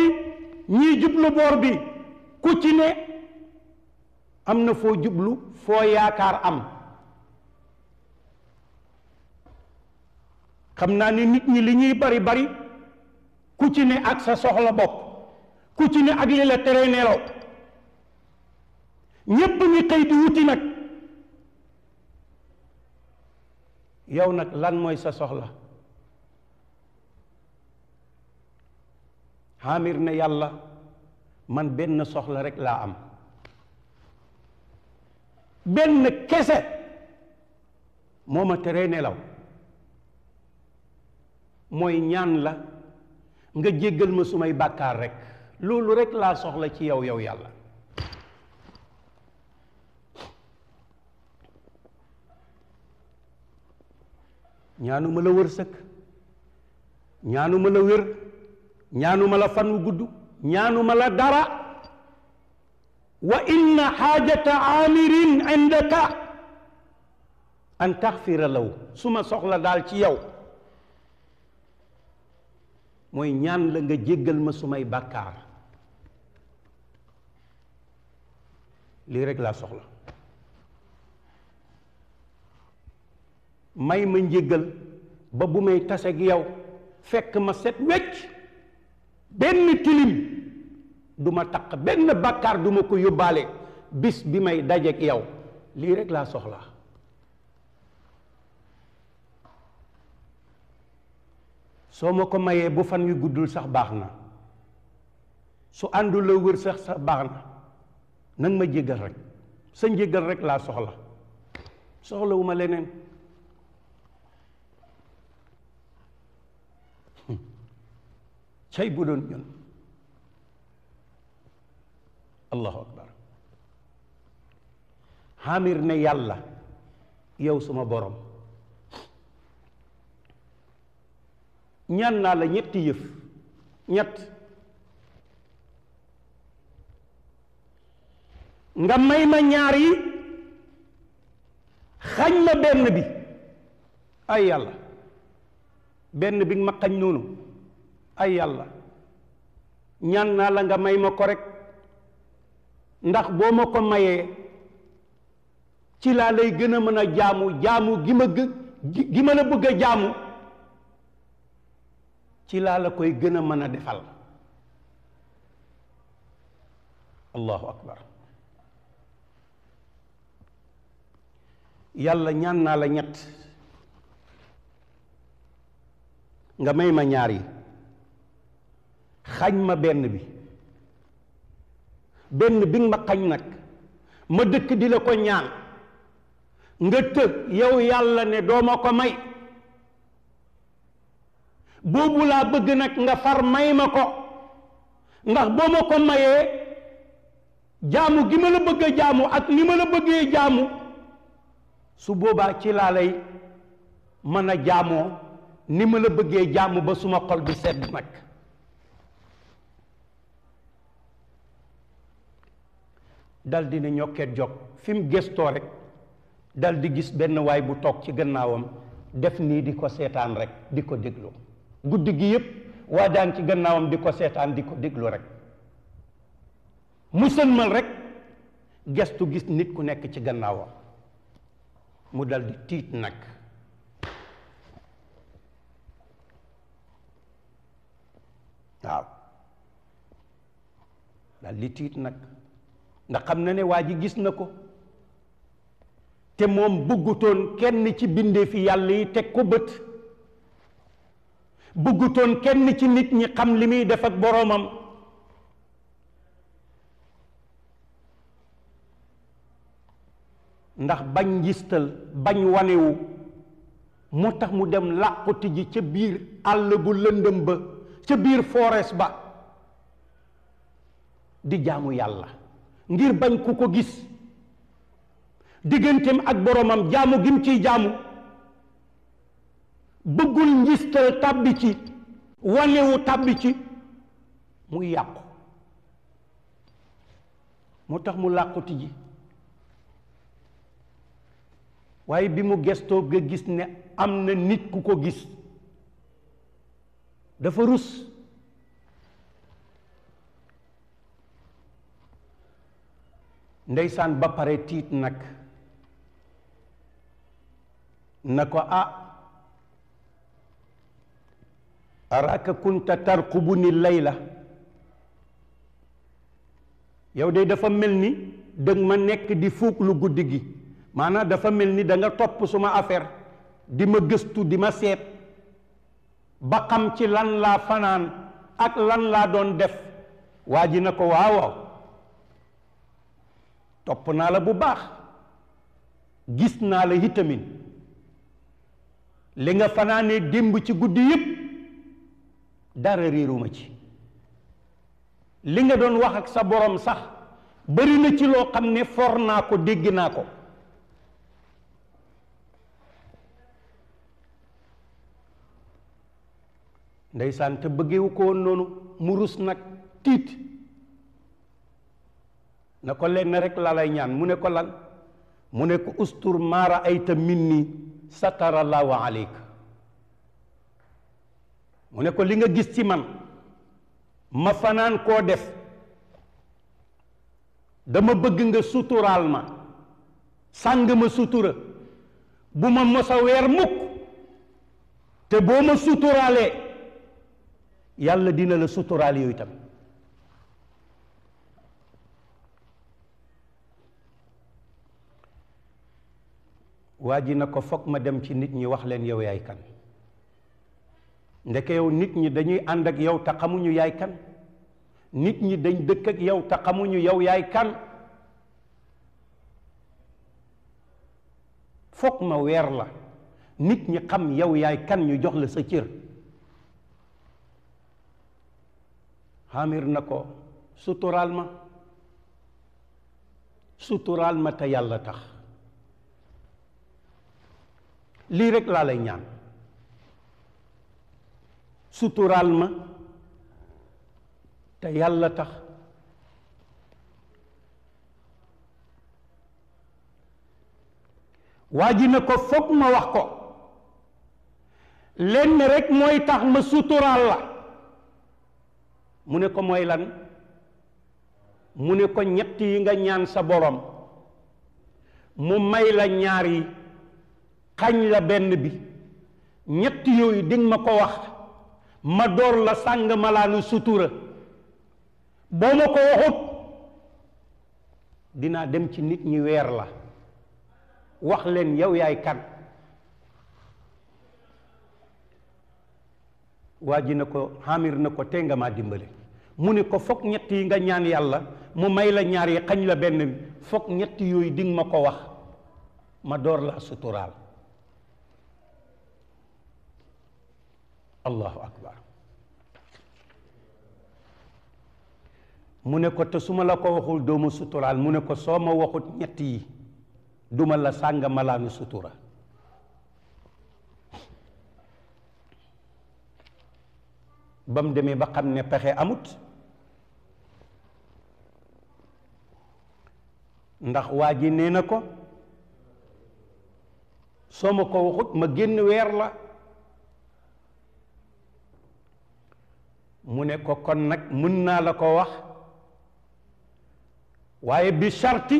ñii jublu boor bi ku ci ne am na foo jublu foo yaakaar am xam naa ni nit ñi li ñuy bari bari ku ci ne ak sa soxla bopp ku ci ne ak li la tere nelaw ñépp ñi xëy di wuti nag yow nag lan mooy sa soxla xaamir na yàlla man benn soxla rekk laa am benn kese moo ma tere nelaw mooy ñaan la nga jéggal ma sumay bàkkaar rek loolu rekk laa soxla ci yow yow yàlla ñaanuma la wërsëg ñaanuma la wér ñaanuma la fan gudd ñaanuma la dara wa inna xaajata aamirin indaka an taxfira law su soxla daal ci yow mooy ñaan la nga jéggal ma sumay bàkkaar lii rekk laa soxla may ma njéggal ba bu may taseeg yow fekk ma set wecc benn tilim duma ma taq benn bàkkaar du ko yóbbaale bis bi may dajeeg yow lii rekk laa soxla soo ma ko mayee bu fan wi guddul sax baax na su àndul la wër sax sax baax na nang ma jéggal rekk sa njéggal rekk laa soxla soxlawu ma leneen cay bu doon ñun allahu akbar xamir ne yàlla yow suma borom ñaan naa la ñetti yëf ñett nga may ma ñaar yi xañ ma benn bi ay yàlla benn bi ma xañ noonu ay yàlla ñaan naa la nga may ma ko rek ndax boo ma ko mayee ci laa lay gën a mën a jaamu jaamu gi ma gi ma la bëgg a jaamu ci laa la koy gën a mën a defal allahu akbar yàlla ñaan naa la ñett nga may ma ñaar yi xañ ma benn bi benn bi ma xañ nag ma dëkk di la ko ñaan nga tëg yow yàlla ne doo ko may boobu laa bëgg nag nga far may ma ko ndax boo ma ko mayee jaamu gi ma la bëgg a jaamu ak ni ma la bëggee jaamu su boobaa ci laa mën a jaamoo ni ma la bëggee jaamu ba suma xol bi sedd nag dal di ne ñokkeet jog fim mu gëstoo rek daldi gis benn waay bu toog ci gannaawam def nii di ko seetaan rek di ko déglu guddi gi yépp waa daan ci gannaawam di ko seetaan di ko déglu rek mu sëlmal rek gestu gis nit ku nekk ci gannaawam mu dal tiit nag waaw dal tiit nag ndax xam na ne waa ji gis na ko te moom bëggutoon kenn ci bindee fi yàlla yi teg ko bët bëggutoon kenn ci nit ñi xam li muy def ak boroomam ndax bañ ngistal bañ wanewu moo tax mu dem làquti ji ca biir àll bu lëndëm ba ca biir forêt ba di jaamu yàlla ngir bañ ku ko gis digganteem ak boroomam jaamu gim ciy jaamu bëggul njistal tàbbi ci walewu tàbbi ci muy yàqu moo tax mu làquti ji waaye bi mu gestoo ga gis ne am na nit ku ko gis dafa rus ndeysaan ba pare tiit nag na ko ah araka kunta tarqubu ni layla yow de dafa mel ni dëgg ma nekk di fuuk lu guddi gi maanaa dafa mel ni danga topp suma affaire di ma gëstu di ma seet ba xam ci lan laa fanaan ak lan laa doon def waa ji na ko waawaaw topp naa la bu baax gis naa la itamit li nga fanaanee démb ci guddi yépp dara réeruma ci li nga doon wax ak sa borom sax bari na ci loo xam ne for naa ko dégg naa ko ndeysaan te bëggewu ko woon noonu murus nag tiit na ko lenn rekk laa lay ñaan mu ne ko lan mu ne ko ustur maara ayta minni satara llahu aleyka mu ne ko li nga gis ci man ma fanaan koo def dama bëgg nga suturaal ma sàng ma sutura bu ma mosa weer mukk te boo ma suturaalee yàlla dina la suturaal yooyu tam waa ji na ko foog ma dem ci nit ñi wax leen yow yaay kan ndeke yow nit ñi dañuy ànd ak yow te xamuñu yaay kan nit ñi dañ dëkk ak yow te xamuñu yow yaay kan foog ma weer la nit ñi xam yow yaay kan ñu jox la sa cër xamir na ko suturaal ma suturaal ma te yàlla tax lii rek laa lay ñaan suturaal ma te yàlla tax waa ji ne ko foog ma wax ko lenn rek mooy tax ma suturaal la mu ne ko mooy lan mu ne ko ñett yi nga ñaan sa borom mu may la ñaari yi la benn bi ñett yooyu dinga ma ko wax ma door la sàng malaanu sutura boo ma ko waxut dinaa dem ci nit ñi weer la wax leen yow yaay kan waa ji na ko xamir na ko te nga maa dimbale mu ne ko foog ñett nga ñaan yàlla mu may la ñaar yi xañ la benn bi foog yooyu dinga ma ko wax ma door la suturaal allahu akbar mu ne ko te suma la ko waxul doomu suturaal mu ne ko soo ma waxut ñett yi duma la sàng malaanu sutura ba mu demee ba xam ne pexe amut ndax waa ji na ko soo ma ko waxut ma génn weer la mu ne ko kon nag mën naa la ko wax waaye bi sharti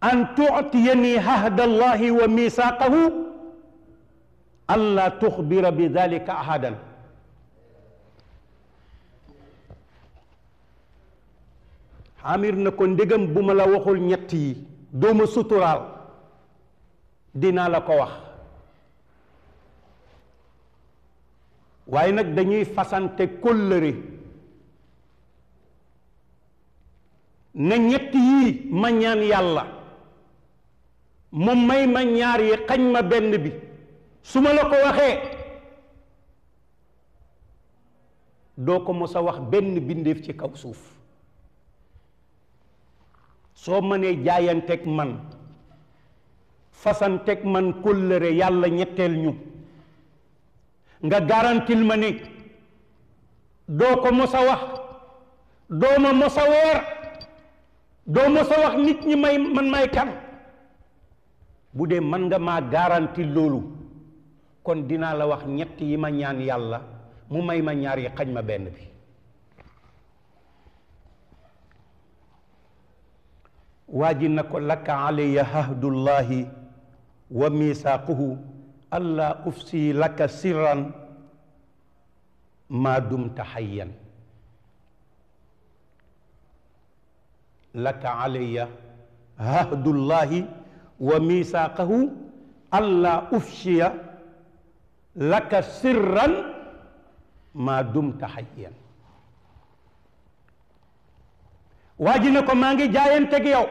an tu'tiyani ahda allahi wa misaqahu alla tuxbira bi dalika ahadan amir na ko ndegam bu ma la waxul ñett yi doo ma suturaal dinaa la ko wax waaye nag dañuy fasante kóllëre ne ñett yii ma yàlla moom may ma ñaar yi xañ ma benn bi su ma la ko waxee doo ko mos a wax benn bindeef ci kaw suuf soo mënee jaayanteeg man fasanteeg man kóllëre yàlla ñetteel ñu nga garantil ma ni doo ko mos a wax doo ma mos a woor doo mos a wax nit ñi may man may kan bu dee mën nga maa garantil loolu kon dinaa la wax ñett yi ma ñaan yàlla mu may ma ñaar yi xañ ma benn bi waa ji na ko lakka alayya hahdullahi wa misaaquhu allah ufsi laka sirran maa dumta hayyan laka alayya hahdullahi wa misaaqahu allah ufsiya laka sirran maa dumta hayyan waa ji ne ko maa ngi jaayanteeg yow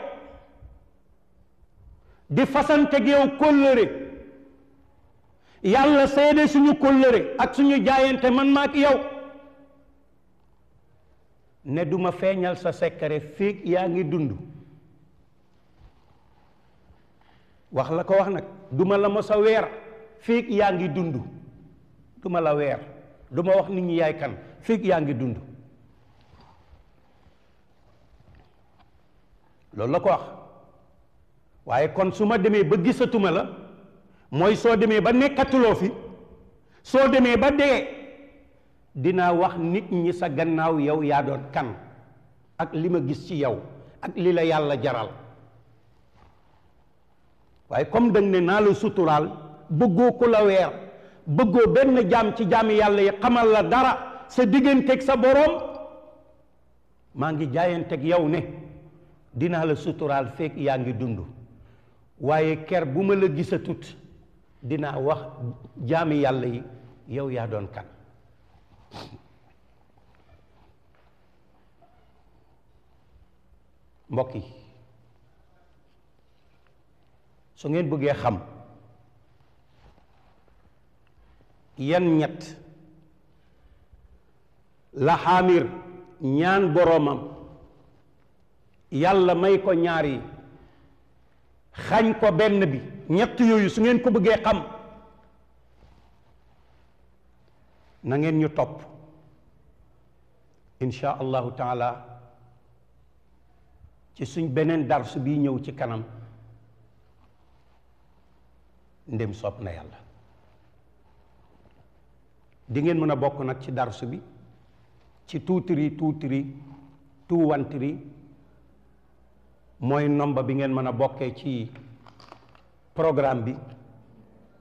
di fasanteeg yow kóllëre yàlla seede suñu kóllëre ak suñu jaayante man maak yow ne duma feeñal sa sekkare féeg yaa ngi dund wax la ko wax nag duma la mos weer féeg yaa ngi dund duma la weer duma wax nit ñi yaay kan féeg yaa ngi dund loolu la ko wax waaye kon su ma demee ba gisatuma la mooy soo demee ba nekkatuloo fi soo demee ba dee dinaa wax nit ñi sa gannaaw yow yaa doon kan ak li ma gis ci yow ak li la yàlla jaral waaye comme dañ ne naa la suturaal bëggoo ku la bëggoo benn jaam ci jaami yàlla yi xamal la dara sa digganteeg sa boroom maa ngi jaayanteeg yow ne dinaa la suturaal fekk yaa ngi dund waaye ker bu ma la gisatut dinaa wax jaami yàlla yi yow yaa doon kan mbokki yi su ngeen bëggee xam yan ñett la xaamir ñaan boroomam yàlla may ko ñaari yi xañ ko benn bi ñett yooyu su ngeen ko bëggee xam na ngeen ñu topp insha allahu taala ci suñ beneen darsu bi ñëw ci kanam ndem soob na yàlla di ngeen mën a bokk nag ci darsu bi ci tuutiri tuutiri tuuwantiri mooy nomba bi ngeen mën a bokkee ci programme bi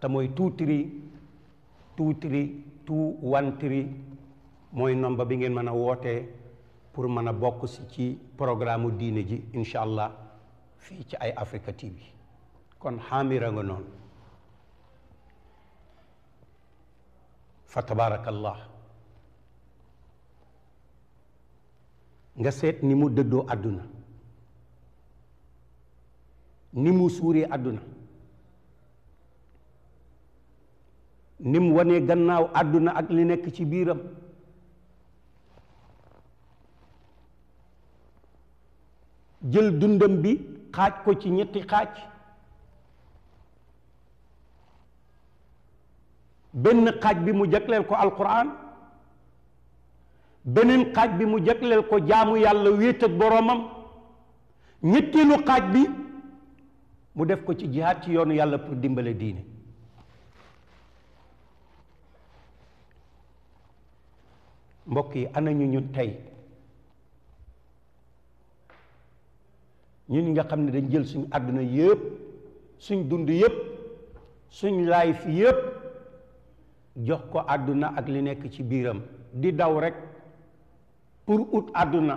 te mooy two three two three two one three mooy nomba bi ngeen mën a wootee pour mën a bokk si ci programme diine ji incha allah fii ci ay Africa TV kon xaamira nga noonu fa tabaarakallah nga seet ni mu dëddoo àdduna ni mu suuree àdduna ni mu wanee gannaaw àdduna ak li nekk ci biiram jël dundam bi xaaj ko ci ñetti xaaj benn xaaj bi mu jagleel ko alquran beneen xaaj bi mu jagleel ko jaamu yàlla wéet ak boroomam ñetteelu xaaj bi mu def ko ci jihaad ci yoonu yàlla pour dimbale diine mbokk yi ana ñu ñun tey ñu ñi nga xam ne dañ jël suñu àdduna yëpp suñ dund yëpp suñ layf yëpp jox ko àdduna ak li nekk ci biiram di daw rekk pour ut àdduna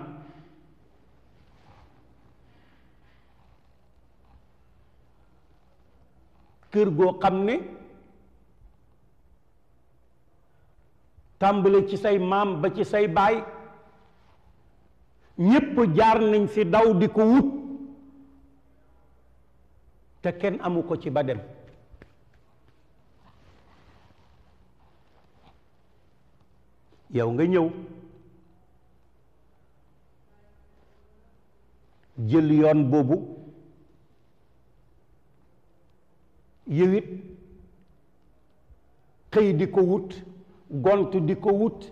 kër goo xam ne tàmbale ci say maam ba ci say baay ñépp jaar nañ fi daw di ko wut te kenn amu ko ci ba dem yow nga ñëw jël yoon boobu yow it xëy di ko wut gontu di ko wut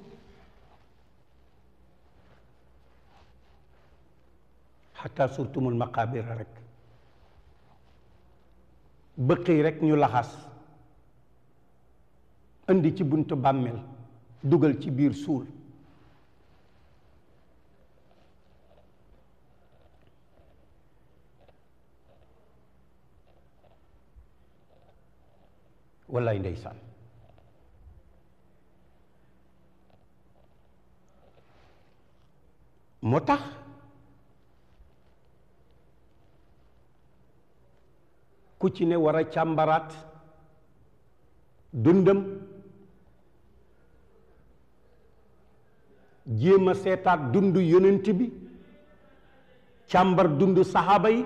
xataa surtumul maqaabira rek bëqi rek ñu laxas indi ci buntu bàmmeel dugal ci biir suul wallaay ndeysaan moo tax ku ci ne war a càmbaraat dundam jéem a seetaat dund yonent bi càmbar dund saxaaba yi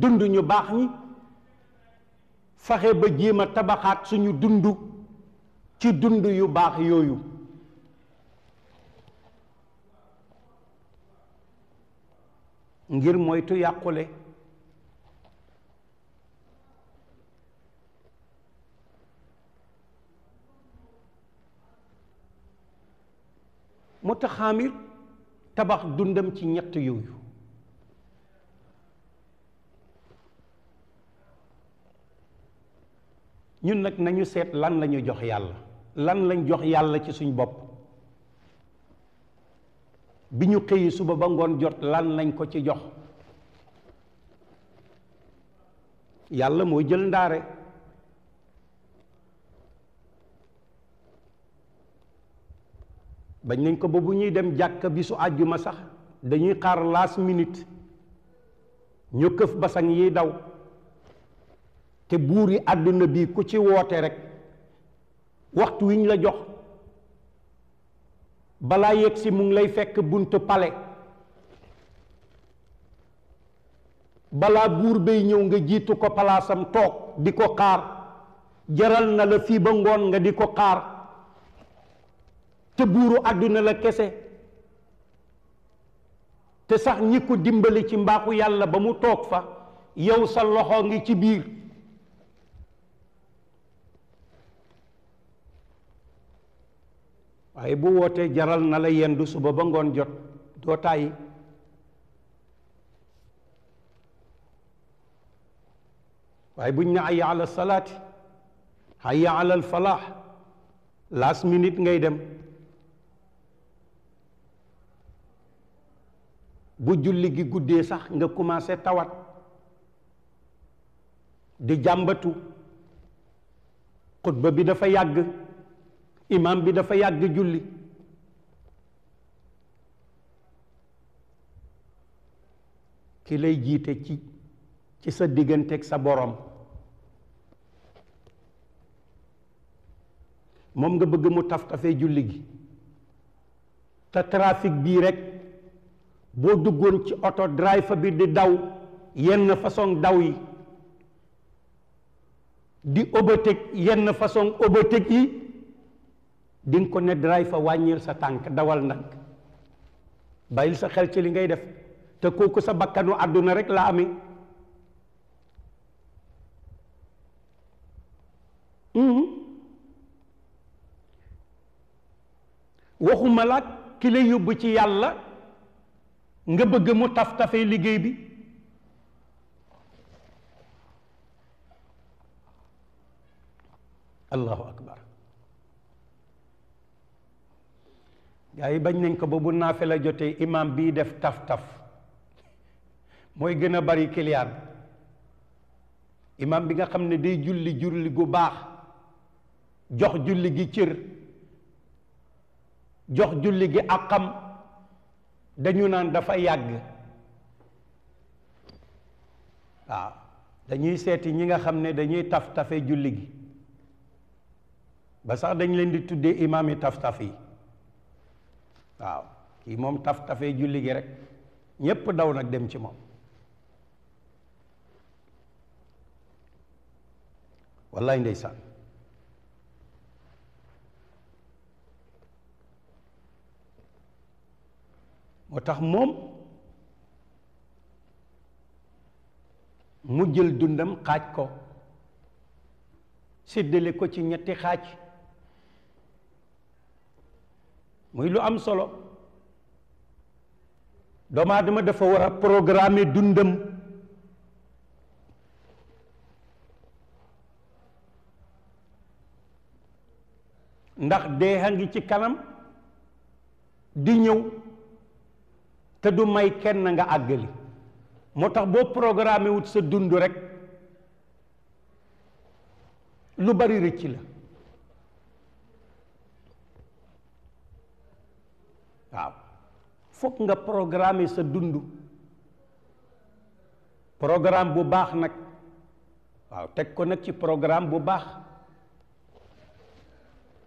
dund ñu baax ñi fexe ba jéem a tabaxaat suñu dund ci dund yu baax yooyu ngir moytu yàqule mu tax tabax dundam ci ñett yooyu ñun nag nañu seet lan lañu jox yàlla lan lañ jox yàlla ci suñu bopp bi ñu xëyee suba ba ngoon jot lan lañ ko ci jox yàlla moo jël ndaare bañ nañ ko ba bu ñuy dem jàkk bi su àjjuma sax dañuy xaar last minute ñu këf basang yiy daw te buur yi àdduna bi ku ci woote rekk waxtu wi ñu la jox balaa yegg si mu ngi lay fekk bunt pale balaa buur bay ñëw nga jiitu ko palaasam toog di ko xaar jaral na la fii ba ngoon nga di ko xaar te buuru àdduna la kese te sax ñi ko dimbali ci mbaaxu yàlla ba mu toog fa yow sa loxo ngi ci biir waaye bu wootee jaral na la yendu suba ba ngoon jot doo tàyyi waaye buñ ne hayya ala salaati hayya ala al falaax last minute ngay dem bu julli gi guddee sax nga commencé tawat di jàmbatu xutba bi dafa yàgg imam bi dafa yàgg julli ki lay jiite ci ci sa digganteeg sa boroom moom nga bëgg mu taf tafee julli gi te trafic bii rekk boo duggoon ci oto driver bi di daw yenn façon daw yi di overtake yenn façon overtake yi di ko ne dray fa wàññil sa tànk dawal nag bàyyil sa xel ci li ngay def te kooku sa bakkanu àdduna rek laa ame mhm. waxuma la kilo la yóbbu ci yàlla nga bëgg mu taf tafee liggéey bi allahu akbar gaa yi bañ nañ ko ba bu naafe la jotee imam bii def taf-taf mooy gën a bari kiliyaan imam bi nga xam ne day julli julli gu baax jox julli gi cër jox julli gi àqam dañu naan dafa yàgg waaw dañuy seeti ñi nga xam ne dañuy taf-tafe julli gi ba sax dañ leen di tuddee imaam yi taf-taf yi waaw kii moom taf tafee julli gi rek ñépp daw nag dem ci moom wallaay ndeysaan moo tax moom mu jël dundam xaaj ko séddale ko ci ñetti xaaj muy lu am solo doomu aadama dafa war a programmer dundam ndax dee a ngi ci kanam di ñëw te du may kenn nga àggali moo tax boo programmé wut sa dund rek lu bari rëcc la waaw foog nga programmer sa dund programme bu baax nag waaw teg ko nag ci programme bu baax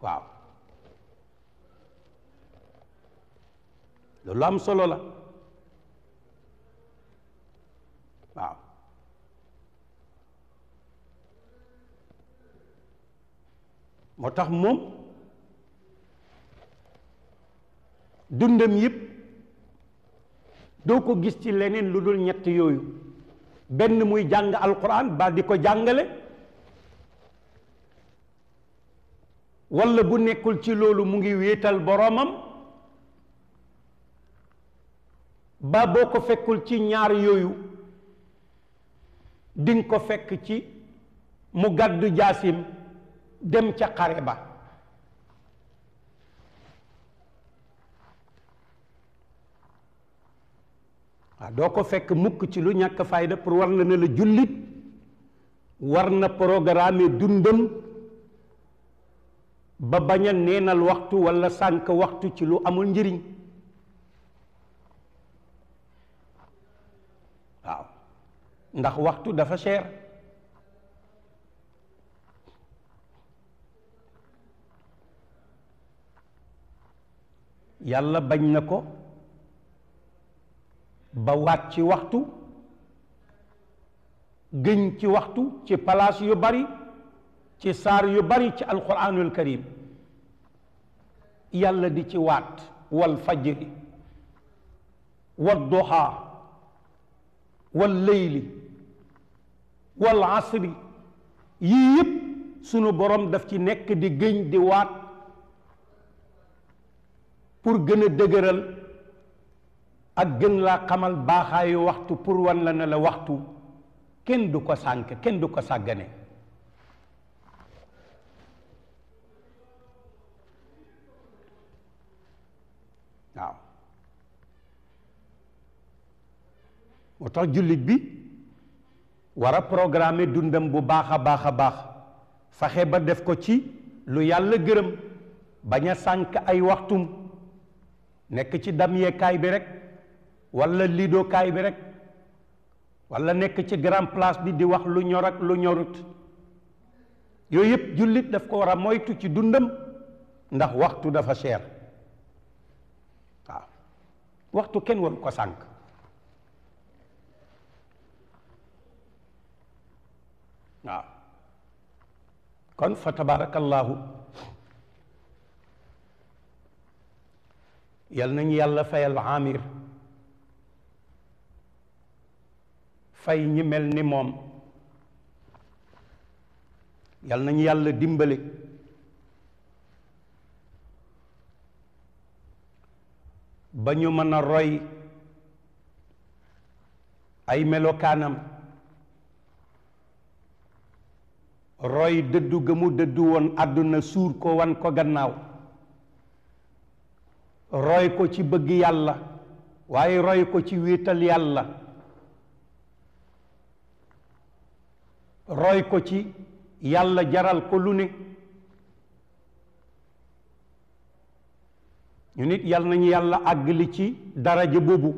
waaw loolu am solo la waaw moo tax moom dundam yépp doo ko gis ci leneen lu dul ñett yooyu benn muy jàng alquran ba di ko jàngale walla bu nekkul ci loolu mu ngi wéetal boroomam ba boo ko fekkul ci ñaar yooyu dinga ko fekk ci mu gàdd jaasim dem ca xare ba waaw doo ko fekk mukk ci lu ñàkk fayda pour war na ne la jullit war na programme dundam ba bañ a neenal waxtu walla sànk waxtu ci lu amul njëriñ waaw ndax waxtu dafa cher yàlla bañ na ko ba waat ci waxtu gëñ ci waxtu ci palaas yu bari ci saar yu bari ci alquranul karim yàlla di ci waat wal fajri wal duhaa wal leyli wal asri yii yëpp sunu borom daf ci nekk di gëñ di waat pour gën a dëgëral ak gën laa xamal baaxaayu waxtu pour wan la ne la waxtu kenn du ko sànk kenn du ko sàggane waaw moo tax jullit bi war a programmer dundam bu baax a baax a baax fexe ba def ko ci lu yàlla gërëm bañ a sànk ay waxtum nekk ci dam bi rekk wala liidookaay bi rek walla nekk ci grand place bi di wax lu ñor lu ñorut yooyu yëpp jullit daf ko war a moytu ci dundam ndax waxtu dafa cher waaw waxtu kenn waru ko sànk waaw kon fa tabaarakallaahu yal nañu yàlla fayal amir fay ñi mel ni moom yal nañu yàlla dimbali ba ñu mën a roy ay melokaanam roy dëddu ga dëddu woon àdduna suur ko wan ko gannaaw roy ko ci bëgg yàlla waaye roy ko ci wéetal yàlla roy ko ci yàlla jaral ko lu ne ñu nit yàlla nañu yàlla àgg li ci daraja boobu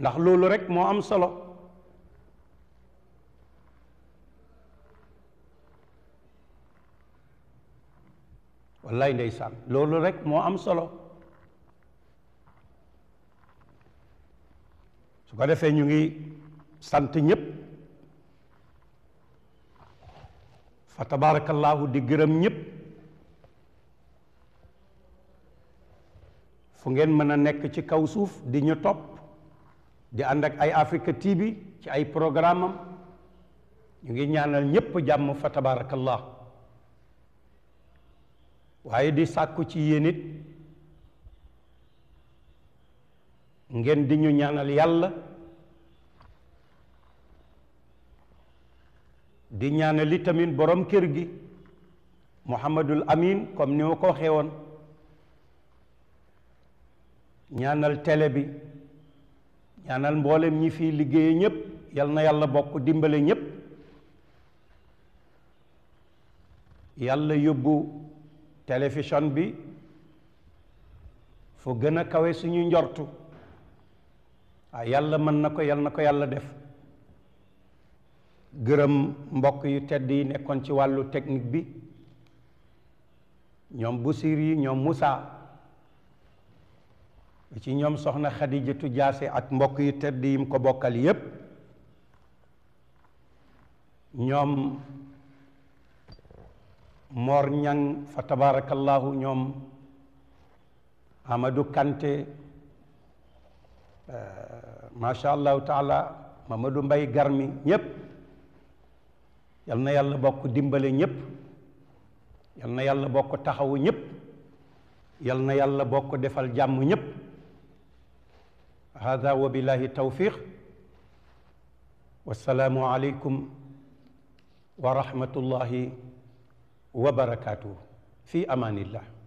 ndax loolu rekk moo am solo wallaay ndeysaan loolu rekk moo am solo su ko defee ñu ngi sant ñëpp fa tabaarakallaahu di gërëm ñëpp fu ngeen mën a nekk ci kaw suuf di ñu topp di ànd ak ay Africa TV ci ay programme ñu ngi ñaanal ñëpp jàmm fa tabaarakallaahu waaye di sàkku ci yéen ngeen di ñu ñaanal yàlla di ñaanal li tamit borom kër gi Muhammadul Amin comme ni ma ko waxee woon ñaanal télé bi ñaanal mboolem ñi fi liggéeye ñépp yal na yàlla bokk dimbale ñépp yàlla yóbbu télévision bi fu gën a kawe suñu njortu waaw ah, yàlla mën na ko yàlla na ko yàlla def gërëm mbokk yu tedd yi nekkoon ci wàllu teknik bi ñoom busir yi ñoom Moussa ci ñoom soxna Xadijatu Jaase ak mbokk yu tedd yi mu ko bokkal yépp ñoom Mor Ñang fa tabarakallahu ñoom Amadou kante euh, macha allahu taala Mamadou Mbay Garmi ñépp yal na yàlla bokk dimbale ñépp yal na yàlla bokk taxawu ñépp yal na yàlla bokk defal jàmm ñépp hada wa billahi tawfiq wassalaamu aleykum wa rahmatullahi wa barakaatuhu fi amaanillah